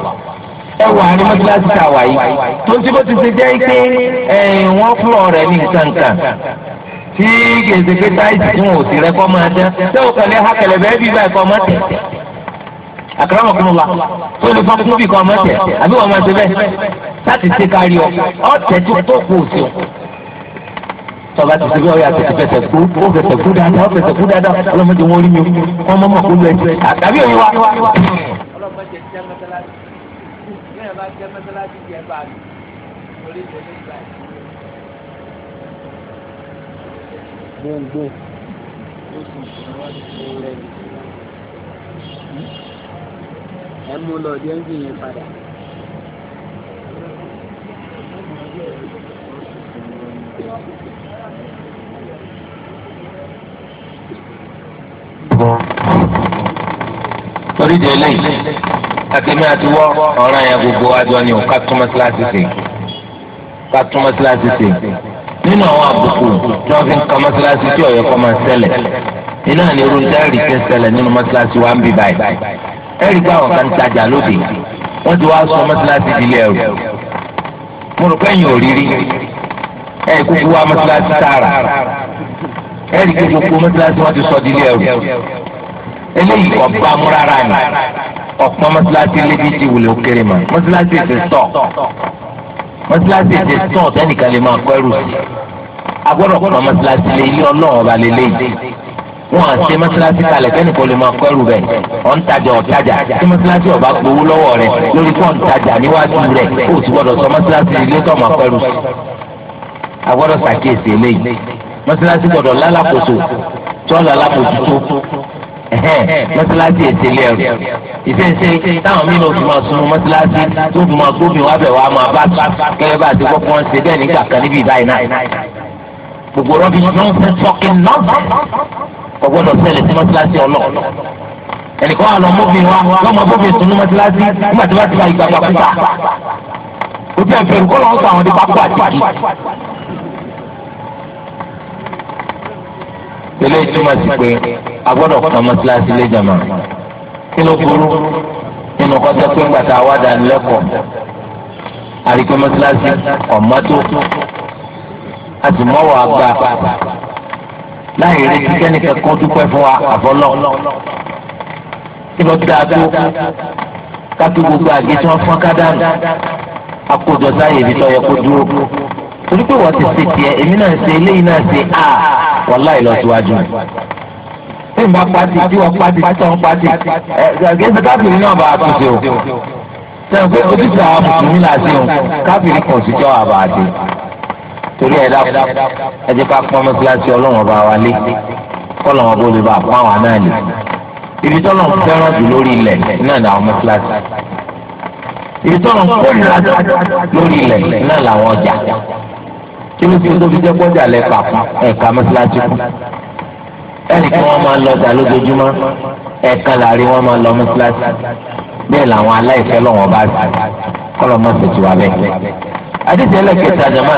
ẹ wà ní mọ́sálásí tá a wà yìí tó ń tí bó ti ṣe jẹ́ pé wọ́n fún ọ̀rẹ́ ní nǹkankan tí gèzègbè táìsì tí wọn ò sì rẹ kọ́ máa dán sẹ́wọ̀n kẹlẹ́ ha kẹlẹ́ bẹ́ẹ̀ bí báyìí kọ́ máa tẹ̀ akramakumullah tó lè fọ́ fún bí kọ́ máa tẹ̀ àbí wọ́n máa ṣe bẹ́ẹ̀ láti ṣe kárí ọ ọ̀ tẹ̀ tó kù òsì tọba ti sigi ọyọ àti fẹsẹ̀ kú ó fẹsẹ̀ kú dáadáa ó fẹsẹ̀ kú dáadáa ọlọmọdé wọn rí mi wọn mọ mọ kó lu ẹsẹ̀ àtàbí òye wa. ẹ mú lọ díẹ̀ ń gbìyànjú padà. Thank you. torí di eléyìí àtẹ̀mí àti wọ́ ọ̀ràn yẹn gbogbo àjọ ni ò ká tún mọ́sálásí sí ká tún mọ́sálásí sí nínú àwọn àbùkù tí wọ́n fi ń ka mọ́sálásí tí ọ̀yọ́ kọ́ máa ń ṣẹlẹ̀ iná ni irú dáàrí ti ń ṣẹlẹ̀ nínú mọ́sálásí wa ń bì báyìí ẹ̀rí bá àwọn kan tajà lóde wọ́n ti wá sọ mọ́sálásí di ilé ẹrù mo rò pẹ́yìn òrírí ẹ̀ kúkú wa mọ́sálásí tààrà ẹ̀rí kúkú mọ́sálásí wọ́n ti sọ di ilé eléyìí kò bá mú rárá ni ọ̀pọ̀ mọ́sálásí lébi ti wùlé òkèrè mà mọ́sálásí ti sọ̀ mọ́sálásí ti sọ̀ tẹ́nìkan lè máa kọ́ ẹrù sí agbọ́dọ̀ kọ́ mọ́sálásí lé ilé ọlọ́run ọba lélẹ́yìí wọn à ṣe mọ́sálásí kalẹ̀ kẹ́nìkan lè máa kọ́ ẹrù bẹ̀ ọ̀ ń tajà ọ̀ tajà tí mọ́sálásí ọba gbowó lọ́wọ́ rẹ̀ lórí fọ́ọ̀n tajà níwájú rẹ̀ kó o ti gbọ́dọ̀ sọ mọ́sálásí ilé tó máa kọ́ ẹrù sí agbọ́dọ̀ ṣàkíyèsí eléyìí mọ́sálásí gbọ́dọ̀ lálàkóso tí wọ́n lálàkóso tó mọ́sálásí ètè ilé ẹ̀rù ìfẹ́ǹsẹ́ táwọn mímọ́ fi máa sun mọ́sálásí tó fi máa gbófin wá bẹ̀ wá máa bá kẹ́lẹ́ bá ti kọ́kọ́ ń ṣe bẹ́ẹ̀ nígbà kan níbi ìbáyìí náà gbogbo rọ́bì nọ́ọ̀sẹ̀ fọ́kìn nọ́ọ̀sẹ̀ kò gbọ́dọ̀ ṣẹlẹ̀ sí mọ́sálásí ọlọ́ọ̀ ẹnìkan wà lọ mọ́bìn wa lọ́mọ bófin sunu mọ́sálásí nígbà tí wọ́n ti bá ìgbà eléyìí túmọ̀ sí pé a gbọ́dọ̀ kan mọ́sálásí lé jàmá kí ló burú nínú kọ́tẹ́ pé ńgbà tá a wá dání lẹ́kọ̀ọ́ àríkẹ́ mọ́sálásí ọ̀mọ́tò a sì mọ́wọ́ àgbà láì retí kẹ́nìkan kan dúpẹ́ fún wa àfọlọ́ kí ló dáa tó kátó gbogbo àgé tí wọ́n fọ́n ká dànù akójọ sáyè ibi tó yẹ kó dúró torí pé wọ́n ti ṣe tiẹ̀ èmi náà ṣe eléyìí náà ṣe a wàláì lọ síwájú mi. bí mo bá pati tí wọ́n pati tí wọ́n pati ẹ gẹ́gẹ́ káfíìrì náà bá a tún ṣe o. sẹ́yìn pé ojúṣe àwọn mùsùlùmí là ṣe o káfíìrì kan sì jọ àbá àti. torí ẹ dákun ẹ jẹ́ ká pọ́n mọ́síláṣí ọlọ́run ọba wa lé kọ́lọ̀ wọn bó lè bá pọ́n àwa náà lè. ibi tọ́lọ̀ fẹ́ràn jù lórí ilẹ̀ náà ni àwọn mọ́síláṣí ibi tọ́lọ̀ kórìíra lórí ilẹ̀ náà làwọn ọjà kí ló fi ń tóbi jẹ́ pọ́jà lẹ́ka fún ẹ̀ka mọ́sálásí fún ẹnìkan wọn máa ń lọ ọjà lójoojúmọ́ ẹ̀ka láàrin wọn máa ń lọ mọ́sálásí bẹ́ẹ̀ làwọn aláìfẹ́ lọ́wọ́ bá sí kọ́lọ́ mọ́sálásí wa bẹ́ẹ̀. àdìsí ẹlẹ́kẹta jama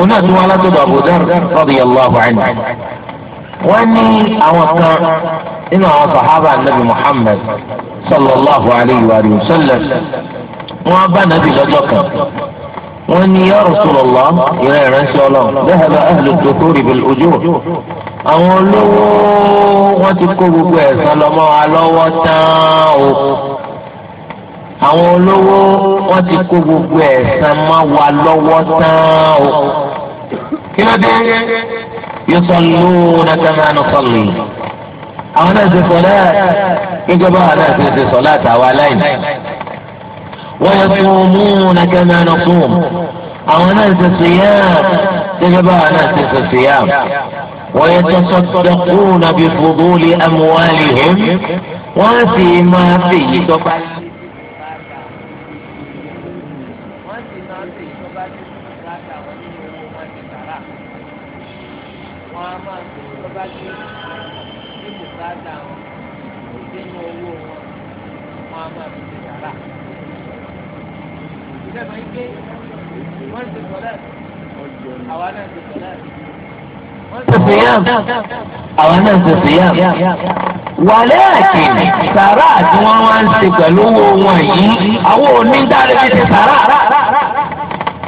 oní àti wọn alátọ́dọ̀ àbúdárù radiyallahu anhu wọ́n ní àwọn kan nínú àwọn sàhábà nàbì Muhammad sallallahu alayhi wa sallam wọ́n bá nàbì lọ́jọ́ kan wọ́n ní ya Rasulullah ìrẹ́ ìránṣẹ́ ọlọ́run dhahaba ahlu dhukur bil ujur. àwọn olówó wọ́n ti kó gbogbo ẹ̀sán lọ́mọ́ wa lọ́wọ́ tán o. àwọn olówó wọ́n ti kó gbogbo ẹ̀sán mọ́ wa lọ́wọ́ tán o. kí ló dé yusalluna kama nusalli àwọn náà ti sọ náà gẹ́gẹ́ báwa náà ti ti sọ láti àwa aláìní. ويصومون كما نصوم أو ناس صيام تجبع ناس الصيام ويتصدقون بفضول أموالهم وفيما فيه تبعث sòfìyàn àwọn náà sòfìyàn wàlẹ́ àkìní sàrà tí wọ́n wá ń ṣe pẹ̀lú owó wọn yìí àwọn onídàárẹ̀ ti sàrà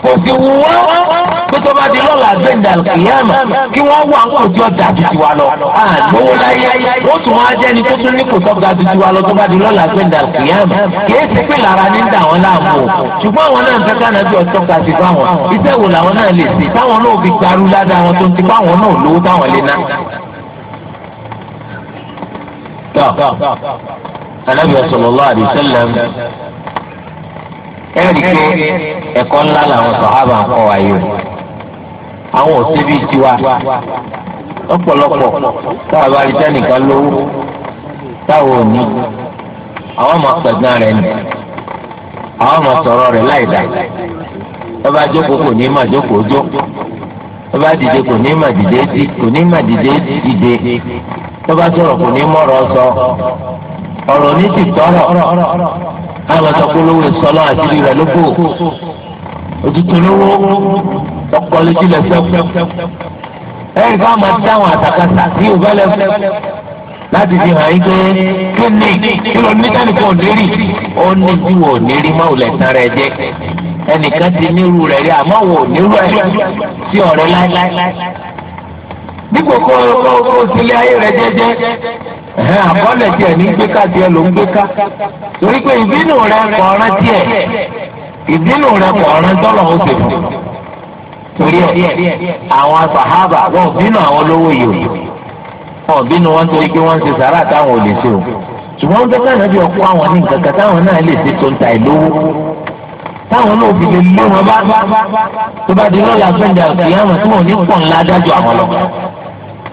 kò fi wù wọ́n pé tó bá di lọ́la gbẹ̀ndà kìyàmà kí wọ́n wà ń kò jọ dà ju tiwa lọ. àlówó láyé ó tún wá jẹ́ni tó tún ní kò tọ́ ga ju tiwa lọ tó bá di lọ́la gbẹ̀ndà kìyàmà kìí ṣe pé lára ní dà wọ́n láàmú o. ṣùgbọ́n àwọn náà ń fẹ́ kánà bí ọ̀tọ́ ga ti bá wọn iṣẹ́ wo làwọn náà lè ṣe táwọn náà fi gbarú ládàá wọn tó ti bá wọn náà lówó táwọn lè ná. Ànábì ẹ rí i pé ẹ̀kọ́ ńlá làwọn sọ̀hábà ń kọ́ wa o àwọn òsè bíi tiwa lọ́pọ̀lọpọ̀ táwa bá rí sẹ́nìkan lówó táwa ò ní àwọn ọmọ pẹ̀gàn rẹ̀ nì àwọn ọmọ sọ̀rọ̀ rẹ̀ láì dà lọ́ba jókòó kò ní mà jókòó jó lọ́ba dìde kò sọ ọ̀rọ̀ ní ti àwọn àtọ́kọ́ olówó ìsọlọ́ àṣírí rẹ̀ ló bò òtútù lówó ọ̀pọ̀ lójú lẹ̀ fẹ́ ẹ̀yìn ká máa dá àwọn àtàkàtà sí òbẹ́lẹ̀ fẹ́ láti fi hàn yín pé kí ni kí ló ní tẹ́lifíà ònírì ó ní bí wò ònírì má wò lẹ̀ tán rẹ̀ jẹ́ ẹnìkan ti nírú rẹ̀ rí àmọ́ wò nírú ẹ̀ sí ọ̀rẹ́ láíláí dípò kó o sílé ayé rẹ̀ jẹ́jẹ́ ẹ̀hẹ́n àkọọ́lẹ̀ tiẹ̀ ní gbéka tiẹ̀ ló ń gbéka torí pé ìbínú rẹ kọ̀ ọ̀rán tiẹ̀ ìbínú rẹ kọ̀ ọ̀rán tọ́lọ̀ ó sì fún torí ẹ̀ àwọn wọn ò bínú àwọn olówó yìí o wọn bínú wọn torí ṣe sàrà táwọn ò lè ṣe o ṣùgbọ́n ọkọ àwọn ní táwọn náà lè ṣe tó ń ta ìlówó táwọn náà fi lè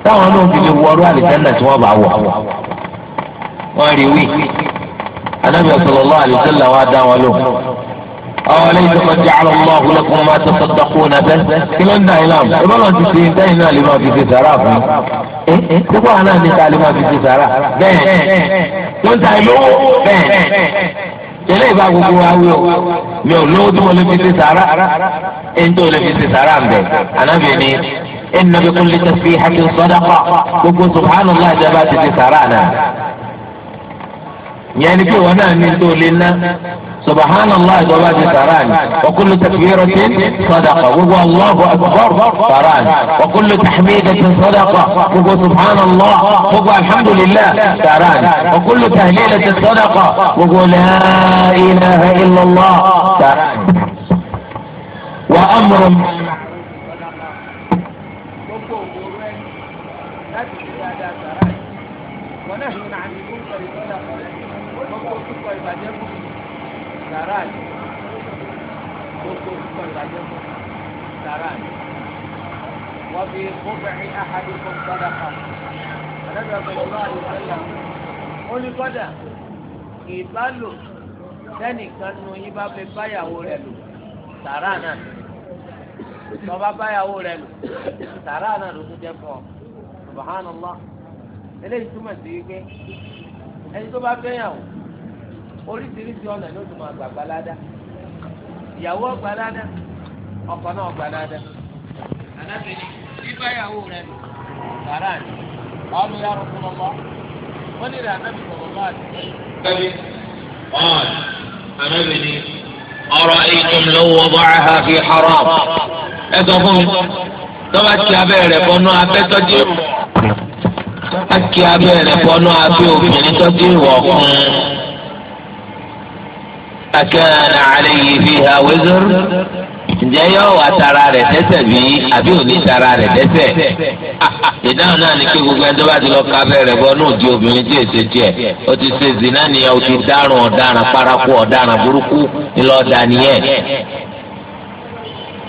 táwọn náà fi lè wọrú àlìjáná tí wọ́n bá wọ̀ wọ́n rí wí anábì sallallahu alaihi wasallam wa dá wọn lò àwọn lẹ́yìn tó kọjá àlọ́ mọ́ ọ̀gbọ́n kó máa tó sọ́dọ̀ kó náà fẹ́ kí ló ń dà ilam ìbọn náà ti ṣe dẹ́yìn náà lè máa fi ṣe sàrà fún un púpọ̀ àná ní ká lè máa fi ṣe sàrà bẹ́ẹ̀ ló ń ta ìlú bẹ́ẹ̀ tẹ́lẹ̀ ìbá gbogbo wa wí o mi ò lówó tí mo lè fi ṣe sàrà ẹni tó lè fi ṣe sàrà ń bẹ̀ anábìyẹn ni. ان بكل تسبيحة صدقة وقل سبحان الله جبات في يعني في وانا من دولنا سبحان الله جبات سران وكل تكبيرة صدقة وهو الله أكبر سران وكل تحميدة صدقة وهو سبحان الله وهو الحمد لله سران وكل تهليلة صدقة وهو لا إله إلا الله سران وأمر haram wọ́n fi kóbẹ̀rì ahadi fún sọ́dà kan àdàbẹ̀ ọ̀gbẹ̀lọ́wọ́ àdìsẹ́lẹ̀ ó ìbálò sẹ́nìkan nu yín bá fẹ́ báyàwó rẹ̀ lò sàrà náà tọ́ba báyàwó rẹ̀ lò sàrà náà ló tún jẹ́ fún ọ eléyìí túmọ̀ sí wípé ọkọ náà gbà dáadáa. ànábì ni bíbá ìyàwó rẹ nù sàrà ni ọlù yà rọ fún ọmọ wọn ní rẹ ànábì sọ̀rọ̀ lọ́wọ́ àti. ẹbí ọ̀n ànábì ni ọ̀rọ̀ ìtum lọ́wọ́ bọ́ àhà fi haram ẹ sọ fún mi tọ́ba ti abẹ́ bọ́nú abẹ́ tọ́jú a kí bọ́nú abẹ́ obìnrin tọ́jú ìwọ̀ fún un. أكان عليه فيها وزر ǹjẹ́ yóò wá tara rẹ̀ dẹ́ṣẹ̀ bí àbí òní tara rẹ̀ dẹ́ṣẹ̀ ìdáhùn náà ni kí gbogbo ẹni tó bá ti lọ ka abẹ́rẹ́ bọ́ náà di obìnrin tí èsè tiẹ̀ ó ti ṣe zina nìyẹn ó ti dárùn ọ̀daràn paraku ọ̀daràn burúkú ńlọ́ọ̀dà nìyẹn.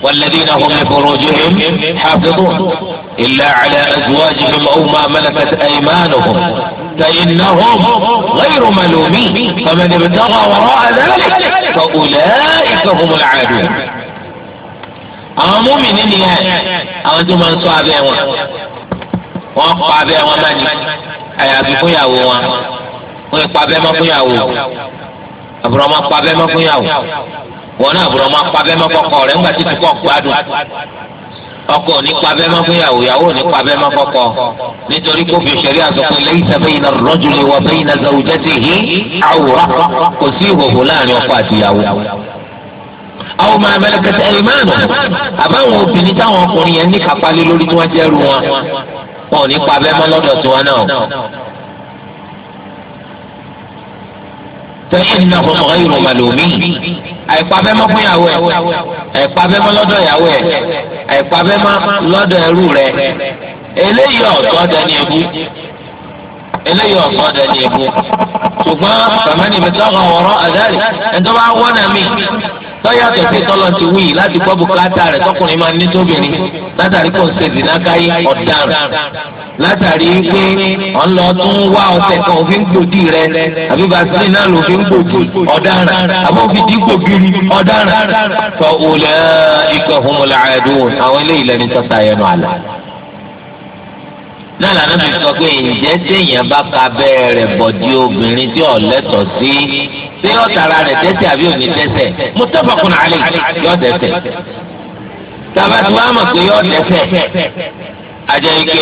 والذين هم لفروجهم حافظون إلا على أزواجهم أو ما ملكت أيمانهم فإنهم غير ملومين فمن ابتغى وراء ذلك فأولئك هم العادون àwọn múmìnì nìyẹn àwọn tó máa ń sọ abẹ́ wọn wọ́n pa abẹ́ wọn máa ní fúnyàwó wọn pa abẹ́ mọ́ fúnyàwó àbúrò máa pa abẹ́ mọ́ fúnyàwó wọn náà àbúrò máa pa abẹ́ mọ́ fọkọ rẹ̀ ńgbà títí kọ́ gbádùn ọkọ ní pa abẹ́ mọ́ fúnyàwó ìyàwó ní pa abẹ́ mọ́ fọkọ nítorí kó fi ṣẹ̀rí àsopọ̀ laysa bayna ar-rajuli wa bayna kò sí láàrin ọkọ àti ìyàwó. àwọn ọmọ abẹ́lẹ́kẹsẹ̀ ẹ̀rìmánu àbáwọn obìnrin táwọn ọkùnrin yẹn ní kápálẹ́ lórí tí wọ́n jẹ́rú wọn wọn ò ní pa abẹ́ mọ́ lọ́dọ̀ tiwọn náà. tẹ̀sínà ọmọ ìrò màlúmi àìpabẹ́mọ́ fún ìyàwó ẹ̀ àìpabẹ́mọ́ lọ́dọ̀ ìyàwó ẹ̀ àìpabẹ́mọ́ lọ́dọ̀ ẹrú rẹ̀ eléyìí ọ̀tọ̀ dẹni ẹbú eléyìí ọ̀sán ọ̀dẹ ni èbó ṣùgbọ́n sàmánì mi sọ̀rọ̀ ọ̀rọ̀ àdáyé ẹ̀dọ́ bá wọ́n náà mi lọ́yàtọ̀ sí tọ́lọ́ ti wí láti gbọ́ bùkátà rẹ̀ tọkùnrin máa ní tóbìnrin látàrí kò ń ṣe ìdínákáyé ọ̀daràn látàrí pé ọ̀n lọ tún wá ọ̀sẹ̀ kan òfin gbòdì rẹ̀ àbí vaseline náà ló fi ń gbòdì ọ̀daràn àbí òfin dì gbògiri ọ̀daràn. fọ òòlù ikọ̀ fún mọ́lá àdúgbò àwọn eléyìí lẹ́ni tọ́ta ẹnu àlà náà lànà ti sọ pé ǹjẹ́ téèyàn bá ka abẹ́ rẹ̀ bọ̀ di obìnrin tí ò lẹ́tọ̀ọ́ sí ṣé yóò tara rẹ̀ tẹ́tẹ̀ àbí òní tẹ́tẹ̀ muttafaqun alayh yóò tẹ́tẹ̀ tàbá tí wàá mọ̀ pé yóò tẹ́tẹ̀ àjẹ́ ike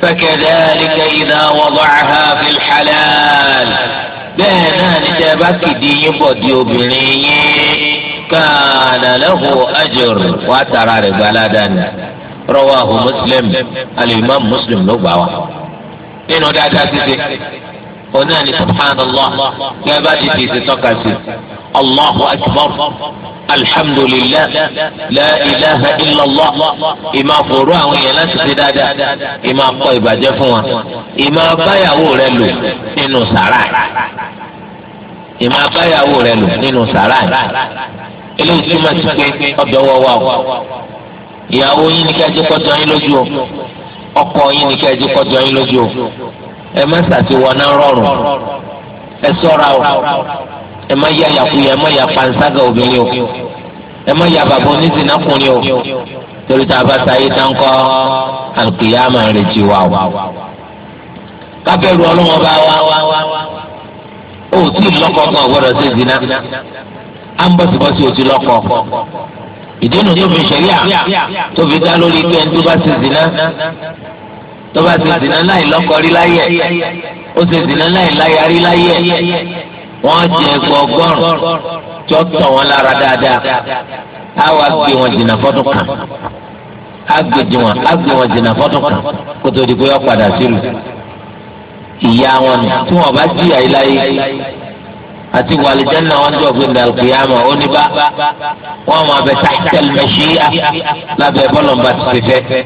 fakadhalika idha wada'aha fil halal bẹ́ẹ̀ náà ni tẹ́ bá kìdí yín bọ̀ di obìnrin yín kana lahu ajr wàá tara rẹ̀ gbaládàá ni rawahu muslim alimami muslim ló gbà wá. nínú dáadáa ṣíṣe oní àní subhanallah kí ẹ bá ti di ìsìtọ́ka sí allahu akbar alhamdulillah la ilaha illallah ìmà fòrò àwọn èèyàn láti ṣe dáadáa ìmà kọ ìbàjẹ́ fún wa ìmà báyàwó rẹ lò nínú sàrà ìmà báyàwó rẹ lò nínú sàrà eléyìí túmọ̀ sí pé ọbẹ̀ wọ́wọ́ ìyàwó yín ni kẹjẹ kọjọ yín lójú o ọkọ yín ni kẹjẹ kọjọ yín lójú o ẹ má ṣàtiwọná rọrùn ẹ ṣọ́ra o ẹ má yá yàkuyà ẹ má yà panṣágà obìnrin o ẹ má yà bàbá oníṣìnàkùnrin o torí tá a bá sáyé táǹkọ àlùkìyàmà rẹ ti wà o kábẹ́rù ọlọ́wọ́n bá wá o tí lọ́kọ̀ọ́kan gbọ́dọ̀ ṣe zina á ń bọ̀sibọ́sí o ti lọ́kọ̀ọ́ ìdínú tó fi ṣẹlẹ̀ tó fi dá lórí pé ẹni tó bá ti zina tó bá ti zina láì lọ́kọ rí láyé ó ti zina láì láya rí láyé wọ́n jẹ gbọgọrùn tí ó tọ̀ wọ́n lára dáadáa á wá gbé wọn jìnnà fọ́dún kan á gbé wọn á gbé wọn jìnnà fọ́dún kan kó tó di padà sílùú ìyá wọn ni tí wọ́n bá jìyà yìí láyé àti wàlìjánná wọn jọ gbé dàlùkìyàmọ oníbà wọn máa bẹ tàìtẹ lẹṣíà lábẹ bọlọmọba ti ti fẹ.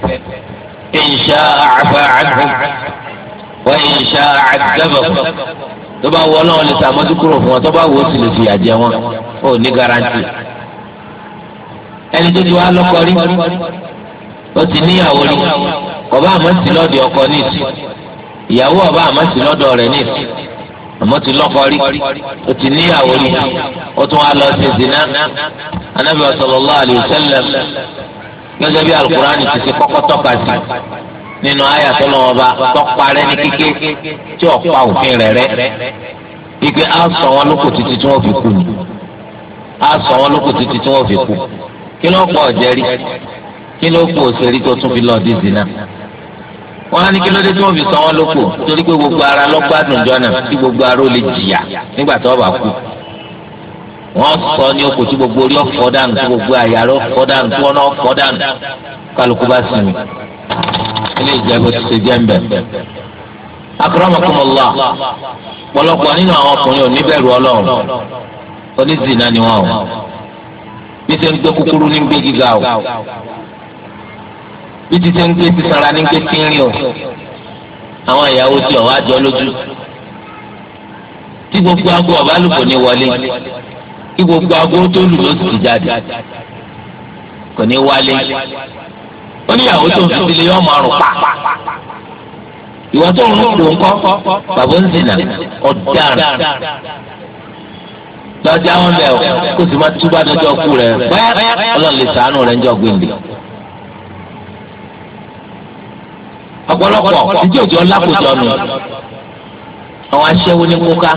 ìnṣà àfà àdùn wọn ìnṣà àdùbọ tó bá wọ Ọlọ́run lè sàmójú kúrò fún wọn tó bá wọ ó sì lè fìyà jẹ wọn ó ní garanti. ẹni tó ti wá lọ́kọ rí ó ti níyàwó rí ọba àmọ́ lọ́dọ̀ ọkọ ní ìyàwó ọba àmọ́ lọ́dọ̀ rẹ̀ ní àmọ́ ti lọ́kọ rí o ti níyàwó rí o tún wá lọ sí zina anabi sallallahu alayhi wa sallam gẹ́gẹ́ bí alukur'an ti ṣe kọ́kọ́ tọ́ka sí nínú àyà tó lọ́wọ́ bá tọ́pa rẹ ní kíké tí ọ̀pá òfin rẹ̀ rẹ́ ike á sọ wọn lóko títí tí wọ́n fi kú ni á sọ wọn lóko títí tí wọ́n fi kú kí ló pọ̀ ọ̀jẹ̀rí kí ló pọ̀ òṣèré tó tún fi lọ́ọ́ di zina. wọn á ní kí lóde tí wọn fi sọ wọn lóko torí pé gbogbo ara lọ́gbàdùn jọ́nà tí gbogbo ara ó lè jìyà nígbà tó bá kú wọn sọ ní oko tí gbogbo orí dànù tí gbogbo àyàrá ọ̀fọ́ dànù tí wọn dànù kálukú bá sinmi ilé ti ṣe jẹ́ nínú àwọn ọkùnrin ni wọn o bí ń gbé kúkúrú ní gbé gíga bí títí ń ké ti sara ní ké ti ń rí o àwọn ìyàwó tí ọwọ́ àjọ lójú tí gbogbo aago ọba lùkò ní wọlé kí gbogbo aago tó lù ló sì jáde kò ní wálé ó ní ìyàwó tó ń fi sílé yọmọ àrùn pa ìwọ tó ń lò ńkọ́ bàbá ń zìnà ọ̀daràn lọ́jà wọn bẹ̀ kó sì má túbà lọ́jọ́ kú rẹ̀ bẹ́ẹ̀ ọlọ́run lè sàánú rẹ̀ ń jọ gbìndín. ọ̀pọ̀lọpọ̀ ìdí òjò lákòjọ nù àwọn aṣẹ́wó ní kóká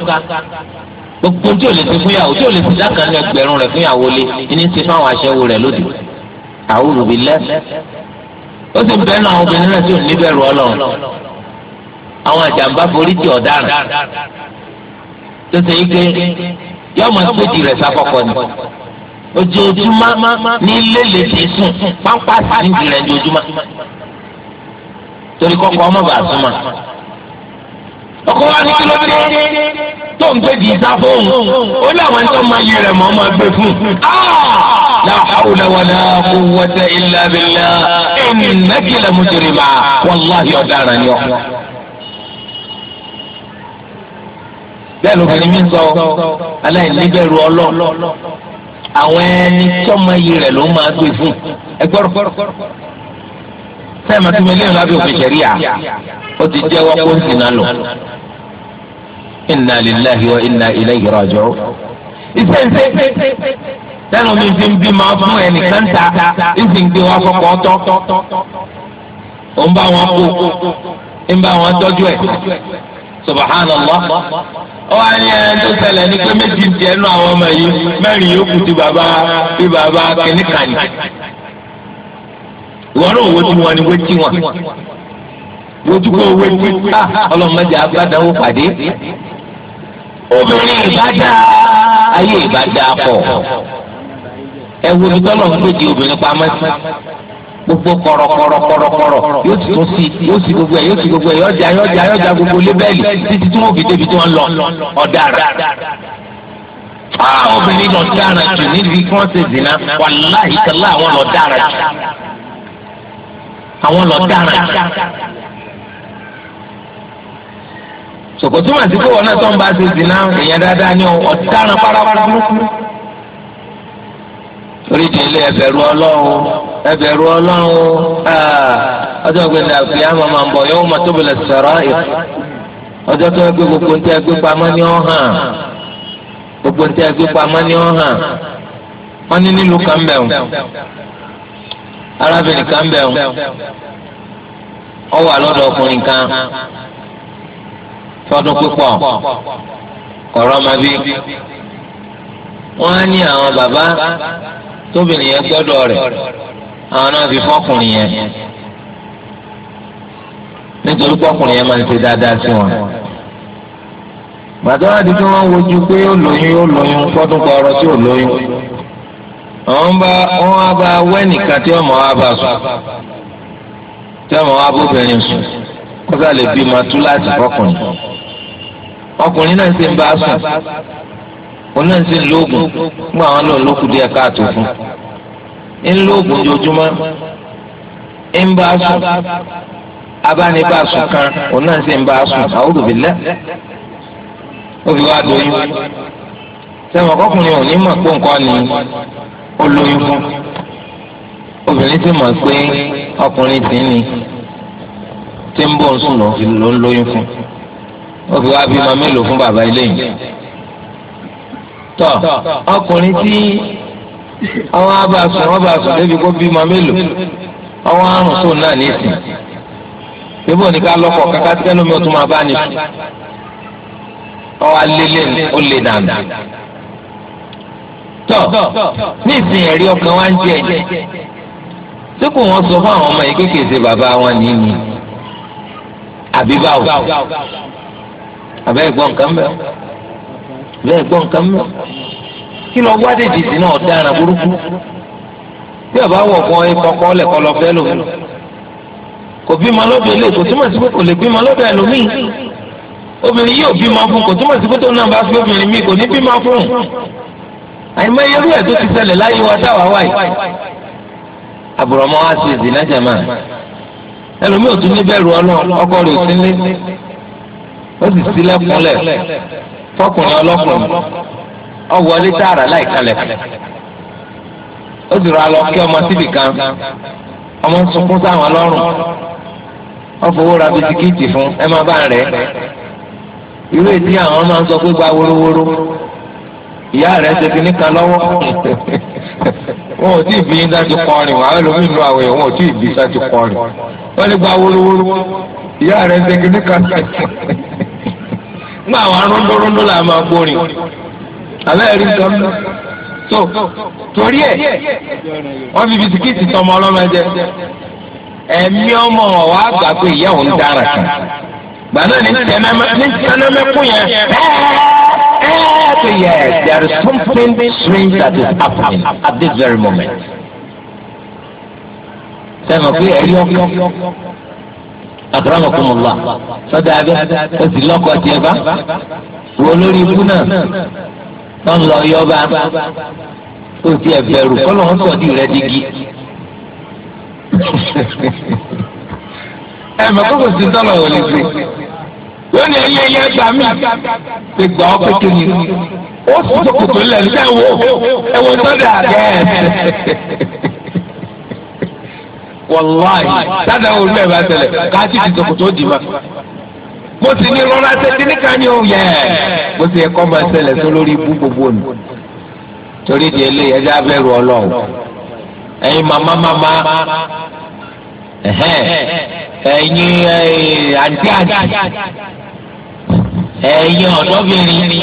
gbogbo tí o lè ti fún tí o lè ti dákan ní ẹgbẹ̀rún rẹ̀ fún yàwó lé ní ti fún àwọn aṣẹ́wó rẹ̀ lóde àwòrán òbí lẹ́ ó sì bẹ́ẹ̀ náà àwọn obìnrin náà tí ò ní bẹ̀rù ọlọ́run àwọn àjàmbá forí ti ọ̀daràn tó ṣe ike yóò máa gbèjì rẹ̀ sákọ̀kọ̀ ni ojoojúmọ́ ní lélẹ̀ tí sùn pápá sí ní ìrìn àjò torí kọ́kọ́ ọmọ bàá súnmọ́. ọkọ wa ní kí ló dé tó ń gbé bíi sá fóun ó láwọn tó máa yẹ rẹ̀ mọ́ ọmọ gbé fún un. la hawla wala quwwata illa billah innaki la mujrima wallahi ọ̀daràn ni ọ. bẹ́ẹ̀ lóbìnrin mi sọ aláìníbẹ̀rù ọlọ́ àwọn ẹni tó máa yẹ rẹ̀ ló máa gbé fún un. ẹ sẹ́yìn mọ́tò mi léyìn lábẹ́ òfin ṣẹ̀ríà ó ti jẹ́wọ́ kó ń sìn náà lò inna lillahi wa inna ilayhi raji'un. ìṣèǹṣe sẹ́nu mi fi ń bí máa fún ẹnìkan ta ìsìn gbé wọn fọkàn tọ́ ó ń bá wọn kó ń bá wọn tọ́jú ẹ̀ subhanallah ó wá ní ẹni tó ṣẹlẹ̀ ní pé méjì ń tiẹ̀ nú àwọn ọmọ yìí mẹ́rin yóò kù bàbá ti bàbá kìnnìkan yìí. ìwọ náà tí wọn wọ́n ti kó owó tí ah, ọlọ́mọdé agbádáwó pàdé obìnrin ayé pọ̀ ẹ wo pamọ́ sí gbogbo yóò sì tún sí yóò sì gbogbo ẹ̀ yóò sì gbogbo ẹ̀ yọjà yọjà yọjà gbogbo lébẹ́lì títí tí wọ́n fi débi tí wọ́n lọ ọ̀daràn ah, obìnrin lọ dára jù níbi kí wọ́n àwọn lọ dára jù. àwọn lọ dáràn sòkòtò màsí kó wọn náà tó ń bá ṣe zina èèyàn dáadáa ní ọ̀daràn paraku torí di ilé ẹbẹ̀rù ọlọ́run ẹbẹ̀rù ọlọ́run ah, ọjọ́ gbẹ̀dẹ̀ àgbẹ̀ àmọ́ máa ń bọ̀ yóò máa tóbi lẹ̀ sọ̀rọ̀ ìfọ̀ ọjọ́ tó ẹgbẹ́ gbogbo ń tẹ́ ẹgbẹ́ pamọ́ ní ọ̀hàn gbogbo ń tẹ́ ẹgbẹ́ pamọ́ ní ọ̀hàn wọ́n ní nílùú kan bẹ̀rù arábìnrin kan bẹ̀ ọ́ ọ wà lọ́dọ̀ ọkùnrin kan fọdún púpọ̀ kọ̀rọ̀ ma bí wọ́n á ní àwọn bàbá tóbìnrin yẹn gbọ́dọ̀ rẹ̀ àwọn náà fi fọ́kùnrin yẹn nítorí pọ́kùnrin yẹn máa ń ṣe dáadáa sí wọn gbàdúrà dídí wọn wojú pé ó lóyún ó lóyún fọdún kọ ọ̀rọ̀ tí ò lóyún àwọn bá wọn á bá wẹ́nìkan tí ọmọ wa bá sùn tí ọmọ wa bóbìnrin sùn kọ́sà lè bí ma tú láti fọkùnrin ọkùnrin náà ṣe ń bá sùn òun náà ṣe ń lóògùn fún àwọn náà lókù díẹ̀ káàtó fún ń lóògùn jojúmọ́ ń bá sùn abánibásùn kan òun náà ṣe ń bá sùn àwòrán bìlẹ̀ ó fi wá doyún sẹ́wọ̀n ọkùnrin ò ní mọ̀ pé nǹkan ni ó lóyún fún obìnrin ti mọ̀ pé ọkùnrin tì í ni tí ń bọ̀ ń sùn ló ń lóyún fún ó fi wá bímọ mélòó fún bàbá ilé yìí tọ ọkùnrin tí àwọn abàsùn wọn bàsùn débi kó bímọ mélòó àwọn àrùn tó náà nìsín bíbọ̀ ní ká lọ́kọ̀ kàkà tẹ́lómi ó tún máa bá nìsín ọwọ́ alẹ́lẹ́ ó lè dànù tọ̀ ní ìsìn ẹ̀rí ọkàn wa ń jẹ tí kò wọ́n sọ fún àwọn ọmọ yìí kékeré ṣe bàbá wọn nìyí àbí báwo àbẹ́ẹ̀ nǹkan mẹ́wọ́ bẹ́ẹ̀ gbọ́ nǹkan mẹ́wọ́ kí lọ wá dèjì sí náà ọ̀daràn burúkú bí ọba wọ̀ kọ́ ẹ kọ́kọ́ lẹ̀ kọ́ lọ fẹ́ lòmìn kò bímọ lọ́dọ̀ ilé kò túmọ̀ sí pé kò lè bímọ lọ́dọ̀ ẹlòmíì obìnrin yóò bímọ fún kò túmọ̀ sí pé tó náà bá fi obìnrin míì kò ní bímọ fún un. àyìnbó yẹ bí ẹ̀tọ́ ti ṣẹlẹ̀ láyé wa dá wa wáyé àbùrọ̀mọ́ wa ti zì náà jẹ̀mọ́ ẹlòmíì ò tún ní rú ọ náà ọkọ rẹ̀ ò sí ó sì sílẹ̀ kúnlẹ̀ fọkùnrin ọlọ́kùnrin ọwọ́lé tààrà láìkalẹ̀ ó sì rọ alọ kí ọmọ síbì kan ọmọ sunkún sáwọn ọlọ́run ọfọwọ́ ra bisikíìtì fún ẹ má bá rẹ̀ àwọn máa ń sọ pé gba worowóró. ìyá rẹ̀ ṣe fi níkan lọ́wọ́ wọn ò tí ì bí yín sáti kọrin wọn àwọn ẹlòmíín lu àwọn èèyàn wọn ò tí ì bí sáti kọrin wọn lè gba wolowolo ìyá rẹ̀ ṣe fi níkan nígbà àwọn arúndúrúndú là máa gbórin àbẹ́ẹ̀ rí nǹkan mú so torí ẹ̀ wọ́n fi bisikíìtì tọmọ ọlọ́mọ jẹ ẹ̀mí ọmọ wa gbà pé ìyá òun dára kan gbà náà ní tẹnẹmẹkùn yẹn bẹ́ẹ̀ to yes, there is something strange that is happening at this very moment. Sẹ́nu pé ẹ̀rí ọkọ akramakumullah sọ́dọ̀ abẹ́ ó sì lọ́kọ̀ tiẹ̀ bá wo lórí ikú náà tó ń lọ yọba ó ti ẹ̀bẹ̀rù kọ́lọ̀ ń sọ̀dí rẹ̀ dígí. [laughs] Ẹ̀mẹ̀kọ́ kò sí tọ́lọ̀ wọlé sí yóò ní ẹyẹ ẹyẹ gbà mí ti gbà ọ pé kí ni ó sì tókòtò lẹ ní ẹwọ ẹwọ sọdà bẹ́ẹ̀ wàláì sádà wo lóye bá tẹlẹ káàtì ti tókòtò dì má mo sì ní rọra tẹ́tí níka ni ó yẹ mo sì yẹ kọ́ máa ṣẹlẹ̀ tó lórí ibú gbogbo nù torí di eléyìí ẹjẹ abẹ́rù ọlọ́run ẹ̀yin màmá màmá ẹ̀hẹ́n ẹ̀yin àǹtí àǹtí ẹ̀yin ọ̀dọ́bìnrin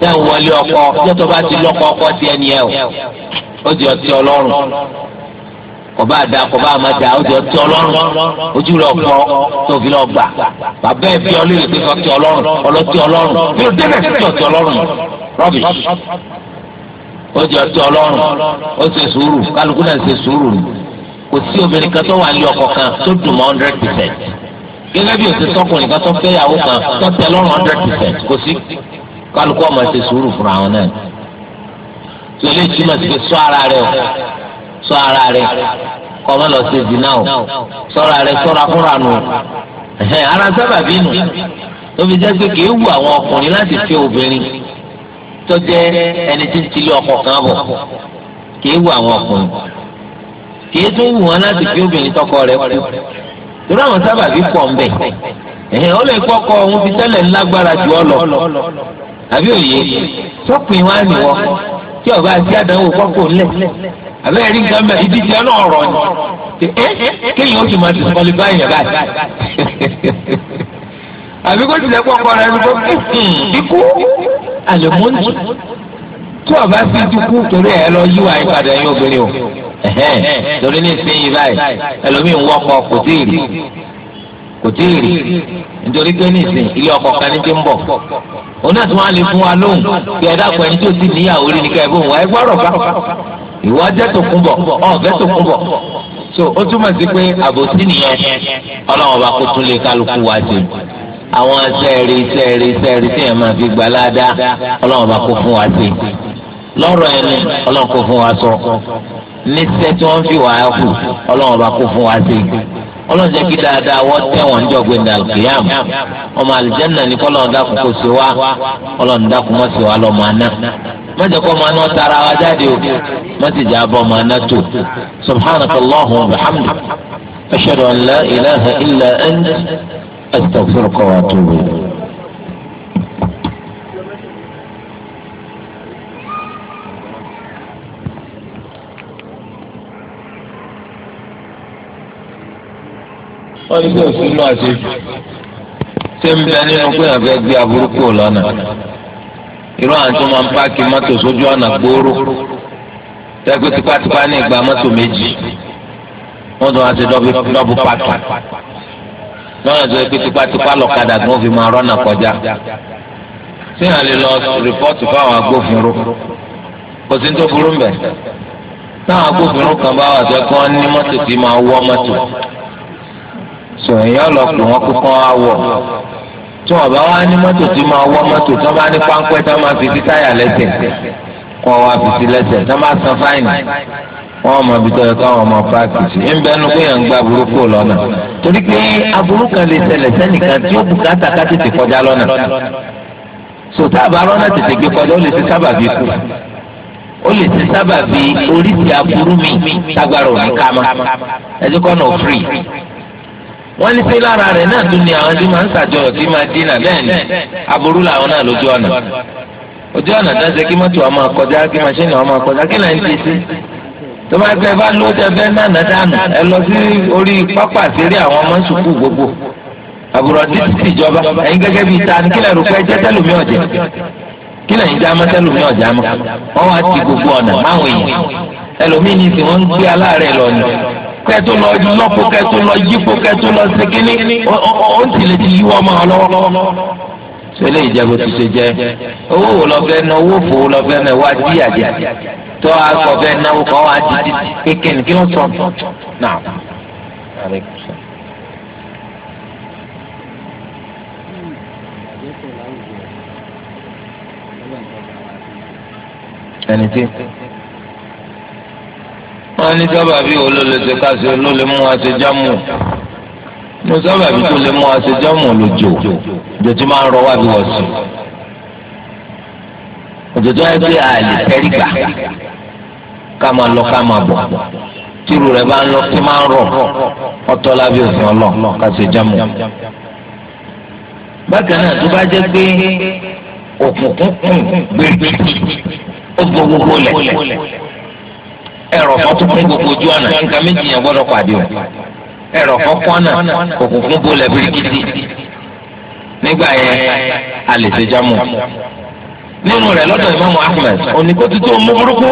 tẹ́ ń wọlé ọkọ yẹtọ̀ bá ti lọ́kọ ọkọ tiẹ̀ ni ẹ o ó di ọtí ọlọ́run kò bá da kò bá má da ó di ọtí ọlọ́run ojú rẹ̀ ọ̀pọ̀ tó fi lọ gbà bàbá ẹ̀ fi ọlẹ́rìí pé ọtí ọlọ́run ọlọ́tí ọlọ́run bí o débẹ̀ fi ọtí ọlọ́run rọ́bì ó di ọtí ọlọ́run ó ṣe sùúrù kálukú náà ṣe sùúrù kò sí obìnrin kan tó wà ní ọkọ kan tó dùn mọ́ hundred percent gẹ́gẹ́ bí o ti sọkùnrin kan tó fẹ́ ìyàwó kan tó tẹ lọ́rùn hundred percent kò sí kálukú ọmọ ti sùúrù fún àwọn náà tó lè túmọ̀ sí pé sọ ara rẹ o sọ ara rẹ kọ́ ọ má lọ sí ìdí náà o sọ́ra rẹ sọ́ra fúnra nù o ara sábà bí nù lóbi jẹ́ pé kìí wù àwọn ọkùnrin láti fẹ́ obìnrin tó jẹ́ ẹni tí ń tilé ọkọ kan bọ̀ kìí wù àwọn ọkùnrin kìí tún wù wọn láti fẹ́ obìnrin tọkọ rẹ̀ kú torí àwọn sábàbí pọ̀ ń bẹ̀ ẹ̀hìn ó lè kọ́kọ́ òun fi tẹ́lẹ̀ ńlágbára jù ọ lọ àbí òye tọkùn wa nìwọ tí ọba àti àdánwò kọ́kọ́ ńlẹ̀ àbẹ́ ẹ̀rí nǹkan mẹ́ ibi tí ẹ náà rọ̀ ni kéèyàn ó sì máa dìsọ́lì báyìí báyìí àbí kó tilẹ̀ kọ́kọ́ rẹ ní kó ikú àlè mọ́ni tí ọba sí ti kú torí ẹ lọ yíwá ìpàdé ẹ̀yìn obìnrin o torí ní ìsinyìí báyìí ẹlòmíì ń wọ́pọ̀ kò tí ì rí kò tí ì rí nítorí pé ní ìsìn ilé ọkọ̀ kan ní ti ń bọ̀ òun náà tí wọ́n á lè fún wa lóhùn bí ẹ̀dá kan ẹni tó ti níyàwó rí ni ká ẹ bóun wá ẹ gbọ́rọ̀ bá ìwọ jẹ́ tó kún bọ̀ ọ̀fẹ́ tó kún bọ̀ so ó túmọ̀ sí pé àbòsí nìyẹn ọlọ́run bá kó tún lè kálukú wa jẹun àwọn sẹ́ẹ̀rì sẹ́ẹ̀rì sẹ́ẹ̀rì tí yẹn máa fi gbà ládàá ọlọ́run bá kó fún wa sí lọ́rọ̀ ẹni ọlọ́run kó fún wa sọ níṣẹ́ tí wọ́n fi wàá kù ọlọ́run bá kó fún wa sí i ọlọ́run jẹ́ kí dáadáa wọ́n tẹ̀wọ̀n níjọ́ gbẹ̀ndà kìyàm ọmọ àlùjànnà ní kọ́lọ́run dákun kó sí wa ọlọ́run dákun mọ́ sí wa lọ́mọ aná mọ́jọ kọ́ máa ná tara wa jáde o má sì máa ná tó subhanaka allahumma wa bihamdik ashhadu an la ilaha illa anta astaghfiruka wa atubu ilayk. wọ́n ní pé òfin náà ṣe ṣe ń bẹ nínú pé àfẹ́ gbé aburúkú lọ́nà irú àwọn tó máa ń páàkì mọ́tò sójú ọ̀nà gbòòrò tẹ́gbẹ́ tipátipá ní ìgbà mọ́tò méjì wọ́n tún wá sí dọ́bù pátá lọ́nà tó yẹ pé tipátipá lọ́kadà gbọ́n fi máa rọ́nà kọjá tí hàn lè lọ rìpọ́tù fáwọn agbófinró kò sí ní tó burú mbẹ́ táwọn agbófinró kan bá wà sẹ́kọ́ ní mọ́tò tí máa wọ́ mọ́tò sọ èèyàn lọ pè wọn kókó awọ tí wọn bá wá ní mọ́tò tí máa wọ mọ́tò tí wọn bá ní páńpẹ́ tí wọn máa fi sí táyà lẹ́sẹ̀ kọ wá fi sí lẹ́sẹ̀ tí wọn bá san fáìnì wọn mọ ibi tó yẹ káwọn ọmọ páàkì sí ń bẹ ẹnu pé yẹn ń gba burúkú lọ́nà torí pé aburú kan lè ṣẹlẹ̀ sẹ́nìkan tí ó bùkátà ká tètè kọjá lọ́nà sòtá àbárọ́nà tètè gbé kọjá ó lè ti sábà bí kú ó lè ti sábà bí oríṣi aburú mi tágbára òní ká mọ́ ẹ̀dínkọ́nà ò fìrì. wọ́n ní sí lára rẹ̀ náà tún ni àwọn tí máa ń ṣàjọyọ̀ tí máa dínà lẹ́ẹ̀ni aburú làwọn náà lójú ọ̀nà ojú ọ̀nà tó ń ṣe kí mọ́tò wa máa kí màṣínì ti ṣe tó máa bá náà ẹ lọ sí orí pápá àṣírí àwọn ọmọ gbogbo ti ẹ̀yin gẹ́gẹ́ bíi ta ni kílẹ̀ tẹ́lómi ọ̀jẹ̀ kílẹ̀ kẹtù lọ lọpọ kẹtù lọ yípo kẹtù lọ segini ó ń tilẹ̀ ti yíwọ́ ọmọ lọ́wọ́ sọlẹ ìjẹbù ti ṣe jẹ owó wò lọ fẹ náà owó fò lọ fẹ náà wá dí àjẹ tó akọ fẹ náà kọ wá di kékeré kí wọn sọ náà. ẹni tí wọn ní sábà bí wo ló lè ṣe káṣe ló lè mú wa ṣe jámù ní sábà bí tó lè mú wa ṣe jámù lójò òjò tí máa ń rọ wá bí wọ́n sùn òjò tó yẹ kí àlè tẹ́rì gbà ká máa lọ ká máa bọ̀ tírù rẹ̀ bá ń lọ kí máa ń rọ̀ ọtọ́ lábẹ́ òfin ọlọ́ káṣe bákan náà tó bá jẹ́ pé òkùnkùn kùn gbèrè ó gbogbo lẹ̀. ẹ̀rọ kan tún pé gbogbo ojú ọ̀nà nǹkan méjì yẹn gbọ́dọ̀ pàdé o ẹ̀rọ kan kọ́nà òkùnkùn bó lẹ̀ birikiti nígbà yẹn a lè ṣe jámù nínú lọ́dọ̀ Ahmed oníkótó tó mú burúkú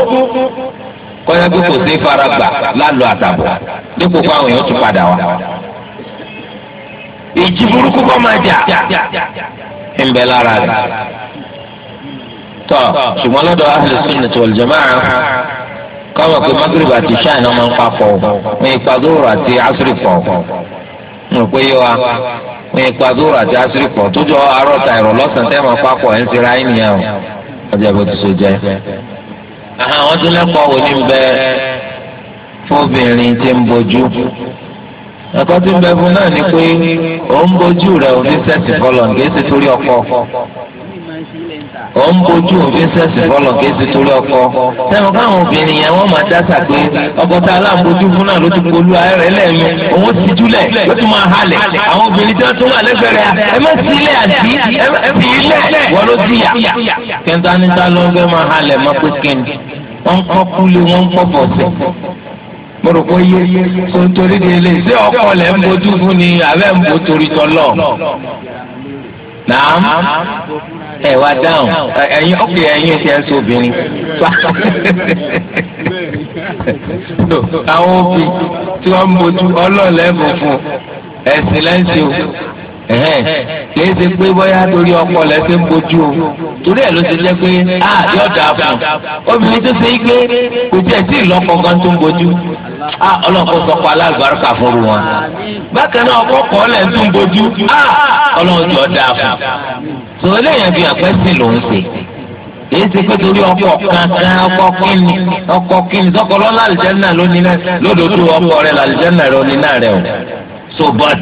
kọ́yá pé kò sí lálọ́ àtàbọ̀ dípò èèyàn tún padà wá ìjì burúkú máa jà ń bẹ lára ṣùgbọ́n lọ́dọ̀ káwọn pé magrib àti ṣáà náà máa ń pa pọ̀ wọn ipa dóòrò àti asiri pọ̀ wọn pé yé wa àti asiri pọ̀ arọ ta lọ́sàn-án tẹ́ máa ẹ̀ ń ẹ̀ nìyẹn o ọjà bó ti so jẹ́. àwọn tún lẹ́kọ̀ọ́ wò ní bẹ fóbìnrin tí ń bojú ẹ̀kọ́ tí ọ̀ ń bójú òfin sẹ́sì bọ́lọ̀ kí esi torí ọkọ sẹ́nu káwọn obìnrin yẹn wọ́n máa dásà pé ọkọ tá a lá ń bójú fún náà ló ti polú lẹ́yìn òun ti júlẹ̀ ló ti máa halẹ̀ àwọn obìnrin tí wọ́n tún wà ẹ má sí ilé àti ilé wọ́n ló ti yà máa halẹ̀ máa pé wọ́n kọ́ kúlé wọ́n kọ́ mo rò pé yé de ṣé ọkọ lẹ ń bójú ẹ wá dáhùn ẹ̀yin ọkẹ ẹ̀yin ti ẹ sọ obìnrin àwọn òbí tí wọ́n ń bójú ọlọ́ọ̀lẹ́ mọ̀ fún ẹ̀sìn lẹ́sìn o kìí ṣe pé bóyá torí ọkọ lẹ ń bójú o torí ẹ̀ ló ṣe jẹ́ pé a yóò dáa fún obìnrin tó ṣe pé kò tiẹ̀ sí ìlọ́kọ̀ gan tó ń bójú a ọlọ́kọ̀ sọ́kọ̀ alágbàrúkà fún wọn bákan náà ọkọ̀ kọ́ tó ń bójú a ọlọ́run jọ fún tó léèyàn bíi àpẹ́sì lòún ṣe èyí ti pé torí ọkọ kankan ọkọ kínní ọkọ kínní sọkọ lọ́la àlìjẹ́nà lónìí náà lódodo ọkọ rẹ làlìjẹ́nà rẹ òní náà rẹ o so but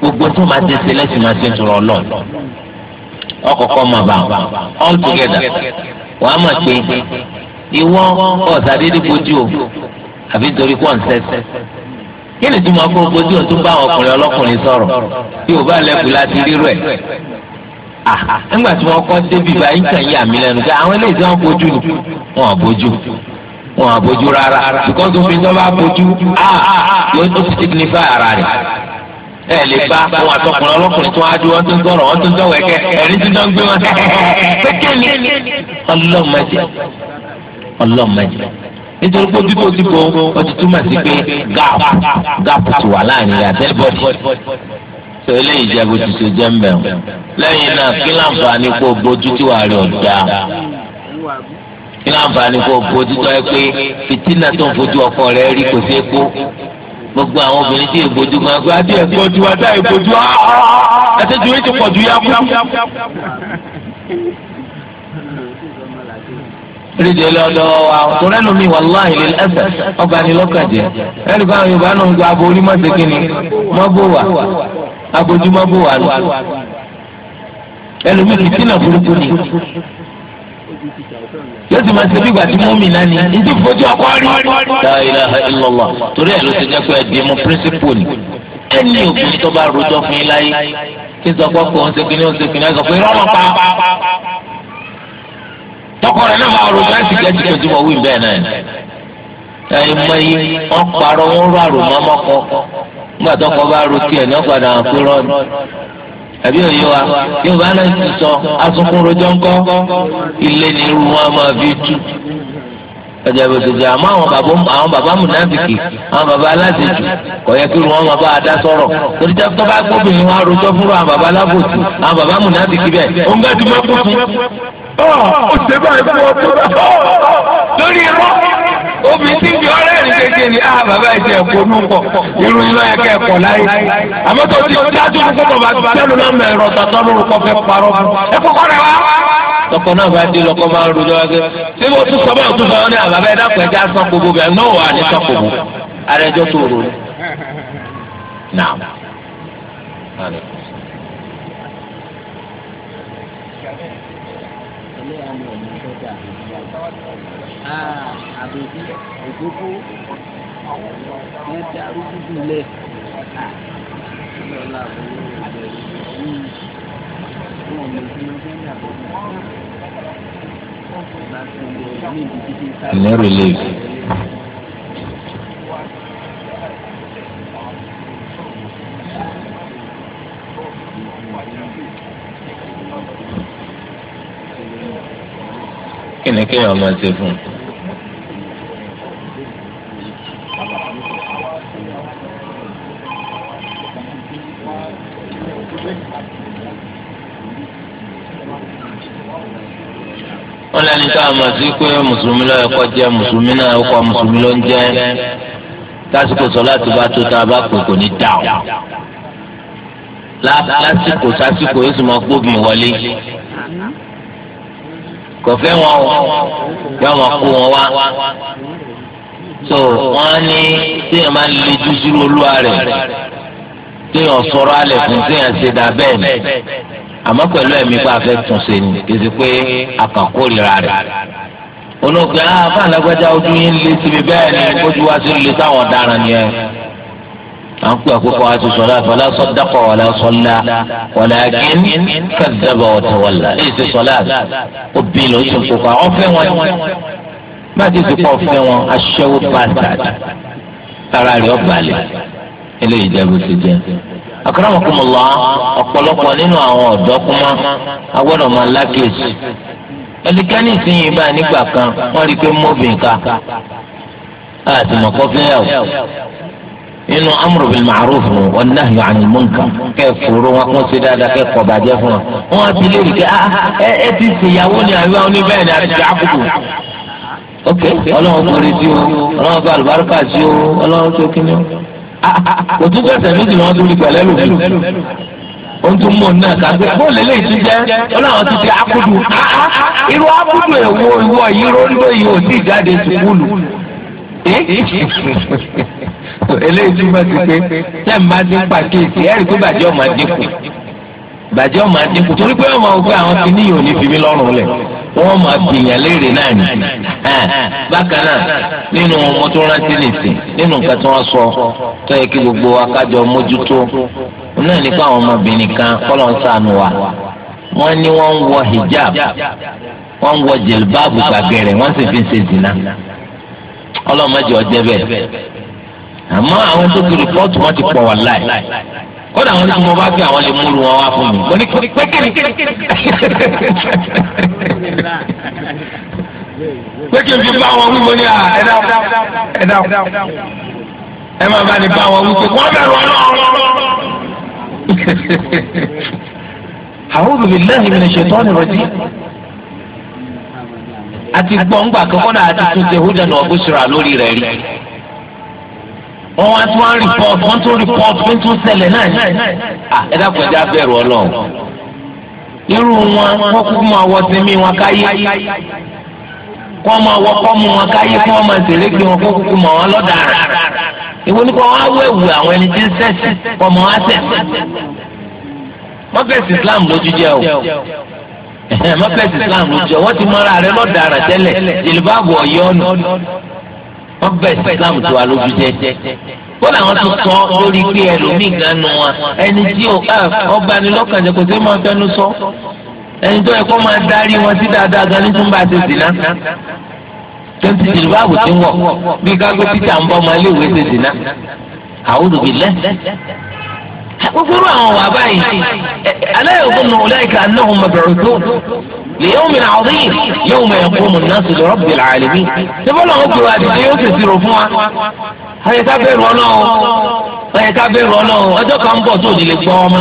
gbogbo tó máa ti ṣe lẹ́sìn máa ṣe tọrọ lọ ọkọ̀ kọ́ máa bá all together wàá máa pé ìwọ ọ̀sàdédé bójú o àfi torí kọ́ ń sẹ́sẹ́ kí ni tí mo kọ́ bójú o tún bá ọkùnrin ọlọ́kùnrin sọ̀rọ̀ bí o bá lẹ́kùn láti rírọ̀ ẹ̀ nígbà tí wọ́n kọ́ débi báyìí kàn yà mí lẹ́nu pé àwọn eléyìí tí wọ́n bójú ni wọ́n àbójú wọ́n àbójú rárá because obìnrin tó bá bójú yóò tó ti signify ara rẹ̀ ẹ lè bá àwọn àtọkùnrin ọlọ́kùnrin tó wáá dúró tó ń sọ̀rọ̀ wọ́n tó ń sọ̀wọ́ ẹ̀kẹ́ ẹ̀rí tó ń gbé wọn kékeré ọlọ́mọdé ọlọ́mọdé nítorí pé ojú tó ti bo ó ti túmọ̀ sí pé gáàpù gáàpù ti wà láàrin rẹ̀ àtẹ́lẹ́bọ̀dì tó eléyìí jẹ́ bó ti ṣe jẹ́ ń bẹ̀rù lẹ́yìn náà kí láǹfààní kó o bójú tí wàá rí ọ̀dà kí láǹfààní kó o bójú tó ẹ pé fìtínà tó ń fojú ọkọ rẹ rí kò sí kó gbogbo àwọn obìnrin tí ìbojú máa gbé adé ìbojú adá ìbojú àtẹjú orí ti pọ̀ ju yá kú. Rídìí ọlọ́dọ̀ wa torí ẹnu mi wàláhì lè ẹsẹ̀ ọba ni lọ́kàjẹ́. Ẹnì kan Yorùbá náà ń gba abo onímọ̀ọ́sẹ̀ kínní mọ́bò wà abojúmọ́ bò wà lọ ẹlòmíì kìí sínà burúkú ni yóò sì máa ṣe bí ìgbà tí mo mì náà ni ìdí ìfojú ọkọ rí. la ilaha illallah torí ẹ̀ ló ti jẹ́ pé ẹ̀dín mú pírísípù ni ẹni òkùnrin tó bá rojọ́ fún yín láyé kí n sọ pé ọkọ̀ ọ̀sẹ̀ kìíní ọ̀sẹ̀ kìíní ọ̀sẹ̀ fún irọ́ pa tọkọ rẹ̀ náà máa rojọ́ ẹ̀sìn kẹ́jì kẹ́jì wọ̀ wí bẹ́ẹ̀ náà ẹ̀yìn mọ́ yìí wọ́n parọ́ wọ́n rọ àròmọ́ mọ́kọ́ nígbà tó kọ́ bá ro tiẹ̀ ní ọ̀padà rọ́ọ̀nù àbí òye yorùbá náà ti sọ asunkun ńkọ́ ilé ni máa ọjà bó ti jẹ àmọ́ àwọn bàbá àwọn bàbá múnáfìkì àwọn bàbá aláṣejù kò yẹ kí wọn máa bá a dá sọ̀rọ̀ torí jẹ tó bá gbóbìnrin wọn arojọ fúnra àwọn bàbá alábòsí àwọn bàbá múnáfìkì bẹ́ẹ̀. òun bẹ́ẹ̀ ti máa kú fún. ó ṣe báyìí fún ọ tó bá. lórí irọ́ omi tí ń fi ọ̀rẹ́ rìn kékeré ni ah bàbá ẹ̀ ti ẹ̀kọ́ inú pọ̀ irú iná yẹ ẹ̀kọ́ láyé. àmọ́ tó ti dájú tọkọ náà bá dé lọkọ máa ń rojọ́ wá gẹ́ ṣé mo tún sọ bá òtún sọ ọ́ ní àb bàbá ẹ dákun ẹjẹ asán gbogbo bẹ́ẹ̀ náà wà ní sàn gbogbo ara ẹjọ́ tó rò náà. àbèjì ògbógbó ní relief. kí ni kéèyàn máa ṣe fún un. wọn lẹni tá a mọ̀ sí pé mùsùlùmí lọ́yọ̀ kọ́ jẹ́ mùsùlùmí náà ọkọ̀ mùsùlùmí ló ń jẹ́ lásìkò sọ láti bá tó tá a bá pè kò ní dà lásìkò sásìkò yóò sì máa gbógun wọlé kò fẹ́ wọn o yóò máa kó wọn wá so wọn ní téèyàn máa lè dúdú olúwa rẹ̀ téèyàn sọ̀rọ̀ alẹ̀ fún téèyàn ṣe dà bẹ́ẹ̀ ni àmọ́ pẹ̀lú ẹ̀mí pé a fẹ́ tún ṣe ni kì pé a kàn kórìíra rẹ̀ olóògbé ah fún alágbájá ojú yín lé síbi bẹ́ẹ̀ ni ojú wa sí lè sáwọn ọ̀daràn ni ẹ à ń pè àkókò àti sọlá fala saddaqa wala salla walakin kazzaba wa tawalla èyí ti sọlá òbí ló ti kókó àwọn fẹ́ wọn má ti ti pọ̀ fẹ́ wọn aṣẹ́wó bàtà ara rẹ̀ ọ̀bàlẹ̀ eléyìí akramakumullah ọ̀pọ̀lọpọ̀ nínú àwọn ọ̀dọ́ kúmọ́ agbọ́dọ̀ máa lákèsì ẹnikẹ́ni ìsinyìí báyìí nígbà kan wọ́n rí i pé mọ́bìn ká amúrò bíi wọn náà yọ àyìn mọ́ǹkà kẹ́ wọn kún sí dáadáa kẹ́ kọ́ bàjẹ́ fún wọn. wọn á ti léèrè pé ah, ah, ẹ ẹ ti ṣèyàwó ni àyíwá ni àti ok ọlọ́run kò rí sí o ọlọ́run sí o ọlọ́run tó kí ni òtún tẹ̀sẹ̀ bí ti wọ́n tún rí pẹ̀lẹ́ lò ó ń tún mọ̀ náà kàgbé bóòlù eléyìí tún jẹ́ ọlọ́run ti di akudu irú akudu èwo ìwọ yìí róńdó yìí ò tí ì jáde sùkúlù eléyìí túmọ̀ sí pé tẹ̀ máa dín pàkíyèsí ẹ̀rí pé bàjẹ́ ọmọ dínkù bàjẹ́ ọmọ dínkù torí pé ọmọ ògbé àwọn ti níyàn ò ní fi mí lọ́rùn lẹ̀ wọ́n máa bìyàn léèrè náà ni bákan náà nínú ọmọ tó rántí nìsí nínú nǹkan tí wọ́n sọ tó yẹ kí gbogbo akájọ mójútó náà nípa àwọn ọmọbìnrin kan kọ́lọ̀ ń sànù wa wọ́n ní wọ́n ń wọ hijab wọ́n ń wọ jìlbáàbù gbàgẹrẹ wọ́n sì fi ń ṣe zina ọlọmọdé ọjẹ bẹ́ẹ̀ àmọ́ àwọn tó fi rìpọ́tù wọ́n ti pọ̀ wà láì kódà àwọn tí mo bá àwọn lè wọn wá fún mi mo ní fi bá wọn wí ní ẹ̀dá máa bá ní bá wọn bẹ̀rù àti gbọ̀ngbà kankan àti wọ́n wá tún wá rìpọ́t wọ́n tún rìpọ́t wọ́n tún ṣẹlẹ̀ náà ní. ẹ dákun ẹ dá bẹ̀rù ọlọ́run irú wọn wọ́n kúkú máa wọ sinmi wọn káyé kọ́ máa wọ kọ́mu wọn káyé kọ́ máa tẹ̀lé gbé wọn kó kúkú máa wọn lọ́dàrà ìwọ ní kọ́ wọn á wẹ̀wù àwọn ẹni tí ń sẹ́sì kọ́ máa wá sẹ̀ mọ́kẹ́sì Islam lójú jẹ́ o mọ́kẹ́sì Islam lójú jẹ́ wọ́n ti mọ́ra rẹ lọ́dàrà tẹ́lẹ̀ jìlìbáàbù ọ̀yọ́ nù wọ́n bẹ̀ islam tó wa lójú jẹ́ kódà wọn tún sọ lórí pé ẹlòmíì gan nu wọn ẹni tí ọba ni lọ́kàn jẹ́ kò sí máa fẹnu sọ ẹni tó yẹ kó máa darí wọn sí dáadáa gan ní tó ń bá a ṣe sí náà tẹ́ǹtì jìlúbà àbò ti ń wọ̀ bí gágó títà ń bọ́ ọmọ iléèwé ṣe sí náà àwùjọ bíi lẹ́ gbogbo àwọn wà báyìí aláyọ̀ fún nù ọ̀lá ìkà náà wọn bẹ̀rù tó. ليوم عظيم يوم يقوم الناس لرب العالمين na لهم كل واحد yóò sì ṣírò fún wa ayẹta bẹ̀rù Ọlọ́run ayẹta bẹ̀rù Ọlọ́run ọjọ́ kan ń bọ̀ tó nílé gbọ́ ọmọ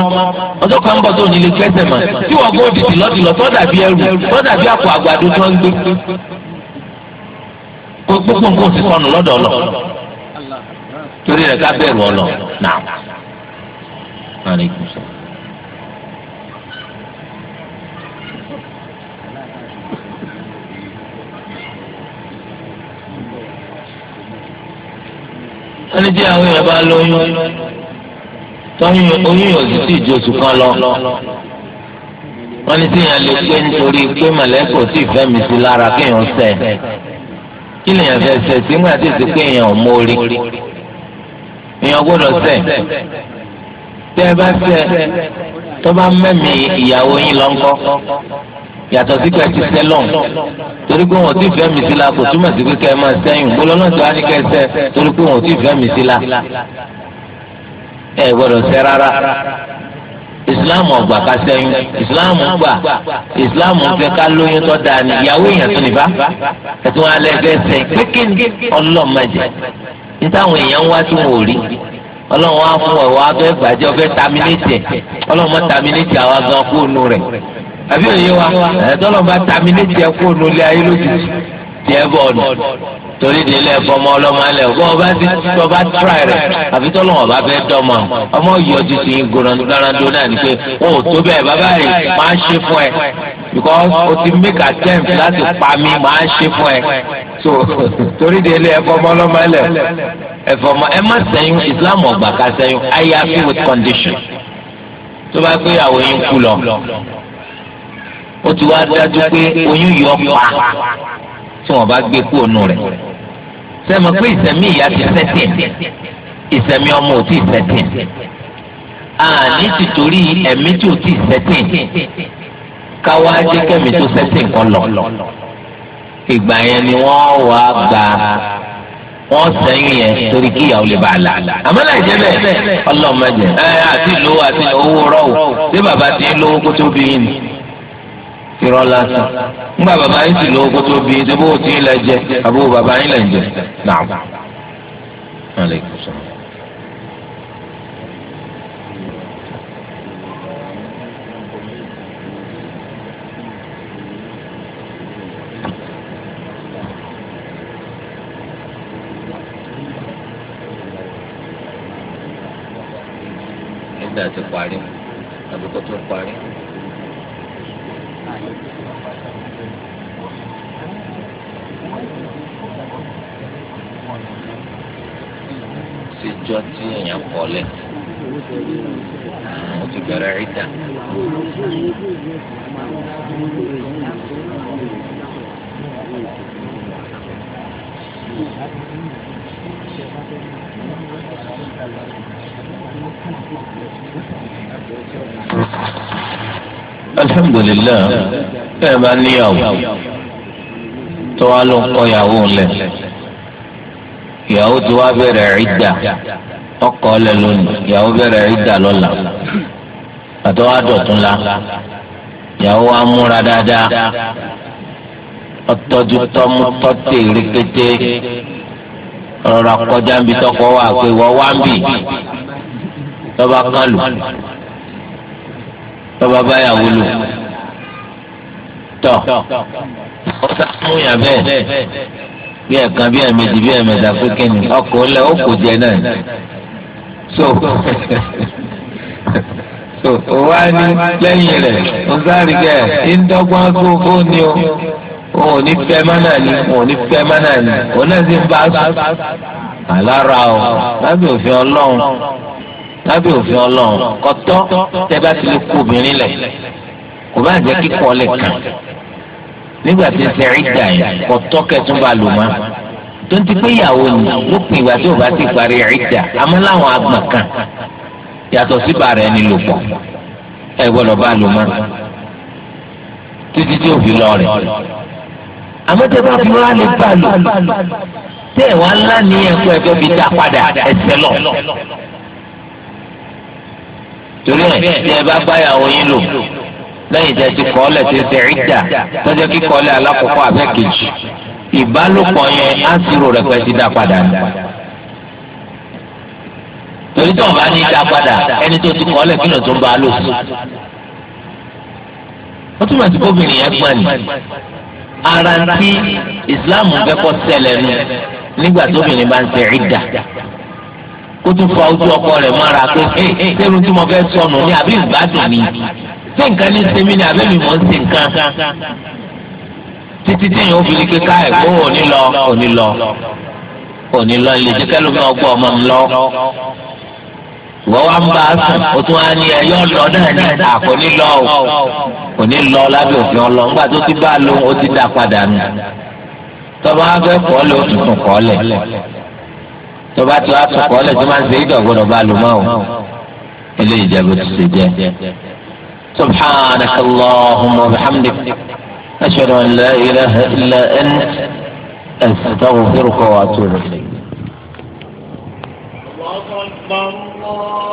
ọjọ́ kan ń bọ̀ tó nílé kẹsẹ̀ mọ́ tí wọ́n gbọ́ òdìdì lọ́dìlọ́ ti sọnù lọ́dọ̀ ọlọ́ torí rẹ̀ ká bẹ̀rù Ọlọ́run náà. wọ́n ní bí àwọn èèyàn bá lóyún tọ́yún oyún yóò sì sí ìjọsù kan lọ wọ́n ní tíyẹn lè pé nítorí pé mọ̀lẹ́kọ̀ sì fẹ́ mi sí lára kéèyàn sẹ̀ kí lèèyàn fẹ́ sẹ̀ sí nígbà tí èsì kéèyàn ò mórí èèyàn gbọ́dọ̀ sẹ̀ tẹ́ ẹ bá sẹ̀ tó bá mẹ́mìí ìyàwó yín lọ́ńkọ́ yàtọ̀ sí pẹ̀tì sẹ́lọ̀n torí pé wọn ò tí fẹ́ mi sí la kò túmọ̀ sí pé kẹ́ ẹ máa sẹ́yìn gbólọ́nà tó á ní kẹ́ sẹ́ torí pé wọn ò tí fẹ́ mi sí la ẹ gbọ́dọ̀ sẹ́ rárá islam ọgbà ká sẹ́yìn islam gbà islam fẹ́ ká lóyún tó dáa ní ìyàwó èèyàn tó nìbá ẹ̀tún alẹ́ ẹgbẹ́ sẹ́yìn pékin ọlọ́mọdé nítawọn èèyàn wá tí wọn ò rí ọlọ́run á fún ọ̀wá abẹ́ bàjẹ́ ọbẹ̀ tàmínétì ọlọ́run mọ́ tàmínétì àwọn agan kúnnú àbí òye wa ẹ̀ẹ́dọ́lọ́ bá tami ní tiẹ̀ kó nulẹ̀ ayé lójijì tiẹ̀ bọ̀ ọ̀nà torí de ilé ẹ̀fọ́ ọmọ ọlọ́mọ alẹ́ ọ̀gbọ́n ọba ti ọba tíra rẹ̀ àfi tọ́lọ́ ọba fẹ́ dọ́mọ ọmọ yọ ti ti gbọ́dọ̀ náà ni pé o tó bẹ́ẹ̀ bàbá rẹ̀ máa ń ṣe fún ẹ because o ti make attempt láti pa mí máa ń ṣe fún ẹ so [laughs] torí de ilé ẹ̀fọ́ ọmọ ọlọ́mọ alẹ́ ẹ̀fọ́ ọmọ ẹ má sẹ́yìn Islam ọ̀gbà ká sẹ́yìn àyàfi with condition tó bá gbéyàwó yín kú lọ ó ti wá dájú pé oyún yọ pa tí wọ́n bá gbé kúrò nù rẹ̀ sẹ́mi pé ìsẹ̀mí ìyá ti sẹ́tìn ìsẹ̀mí ọmọ ò tí ì sẹ́tìn àní ti torí ẹ̀mí tí ò tí ì sẹ́tìn káwá jẹ́ kẹ́mi tó sẹ́tìn kan lọ ìgbà yẹn ni wọ́n wà gbà wọ́n sẹ́yìn yẹn torí kí ìyàwó lè bá a là. àmọ́ láì jẹ́ bẹ́ẹ̀ ọlọ́mọdé ẹ àti ìlú àti owó rọ̀ bí bàbá ti ń lówó kó tó bí yín ni. irọ́ lásán ńgbà bàbá yín sì lówó bi tó bí ṣe bó ti ń lẹ àbúrò bàbá yín alhamdulilayi bẹ́ẹ̀ bá níyàwó tó wá ló ń kọ ìyàwó lẹ̀ ìyàwó tó wá bẹ̀rẹ̀ ìdà ọkọ lẹ̀ lónìí ìyàwó bẹ̀rẹ̀ ìdà lọ́la àtọ́ wá dọ̀tún la ìyàwó wa múra dáadáa ọtọ́jú tọ́mú tọ́tẹ̀ rékété rọra kọjá ń bi tọkọ wà pé wọ́n wá ń bì lọ́ba kan lò lọ́ba báyàwó lò tọ́ ọ sàmú yàn bẹ́ẹ̀ bí ẹ̀kan bí ẹ̀mejì bí ẹ̀mẹta pé kíni ọkọ̀ ọ̀lẹ́ ó kò jẹ náà so so wá ní lẹ́yìn rẹ̀ ó sáré kẹ́ ẹ̀ ń dọ́gbọ́n tó ó ní o òun ò ní fẹ́ mánà ni òun ò ní fẹ́ mánà ni òun náà sì ń bá sùn àlára o lábẹ́ òfin ọlọ́run lábẹ́ òfin ọlọ́run kọ́tọ́ tẹ́ bá ti lè kó obìnrin lẹ̀ kò bá jẹ́ kíkọ́ lẹ̀ kàn nígbà tí ṣe ìdá yẹn kọ́tọ́ kẹtùn bá lò má tó ń ti pé ìyàwó ni lópin ìgbà tí ò bá ti parí ìdá àmọ́ láwọn agbọ̀n kan yàtọ̀ sí bàrà ẹni lò pọ̀ ẹ gbọ́dọ̀ bá lò má títí tí ò fi lọ rẹ̀ àmọ́ tẹ́ bá fi wá lè bá lò tẹ́ ẹ̀ wá ńlá ní ẹ̀kọ́ ẹ̀fẹ́ fi dá padà ẹ̀sẹ̀ lọ. torí ẹ̀ tẹ́ ẹ bá báyàwó yín lò lẹ́yìn tẹ́ ti kọ́ọ́lẹ̀ tẹ́ tẹ́ ìdá tọ́jọ́ kí kọ́ọ́lẹ̀ alákọ̀ọ́kọ́ abẹ́ kejì ìbálòpọ̀ yẹn á sì rò rẹpẹ́ ti dá padà ní. torí tí wọn bá ní dá padà ẹni tó ti kọ́ọ́lẹ̀ kí ló tó ń bá a lò sí. ó túmọ̀ sí kóbìnrin yẹn gbọ́n ni ara ti islam fẹ́ kọ́ ṣẹlẹ̀ nù nígbà tóbìnrin bá ń ṣe ìdà kó tún fa ojú ọkọ rẹ̀ mọ́ra pé sẹ́run tí mo fẹ́ sọnù ní àbí ìgbádùn mi ṣé nǹkan ní sẹ́mi ni àbí mi mọ̀ ń ṣe nǹkan títí tí yóò fi ike ká ẹ̀kọ́ òní lọ òní lọ òní lọ ilé jẹ́kẹ́ ọgbọ́n ọmọ mi lọ wọ́n wá ń bá a sùn ó tún á ní ẹ̀yọ́ lọ náà ní ìta kò ní lọ o kò ní lọ lábẹ́ òfin ọlọ nígbà tó ti bá a lo ó ti dá padà nù tọ́ba á fẹ́ kọ́ lé òtútù kọ́ lẹ̀ tọ́ba tí wàá tún kọ́ lẹ̀ tó máa ń ṣe ìdọ̀gbọ́dọ̀ bá a lò mọ́ o eléyìí jẹ́ bó ṣe jẹ́ subhanaka wa bihamdik ashhadu an la ilaha illa anta astaghfiruka wa atubu ilayk. الله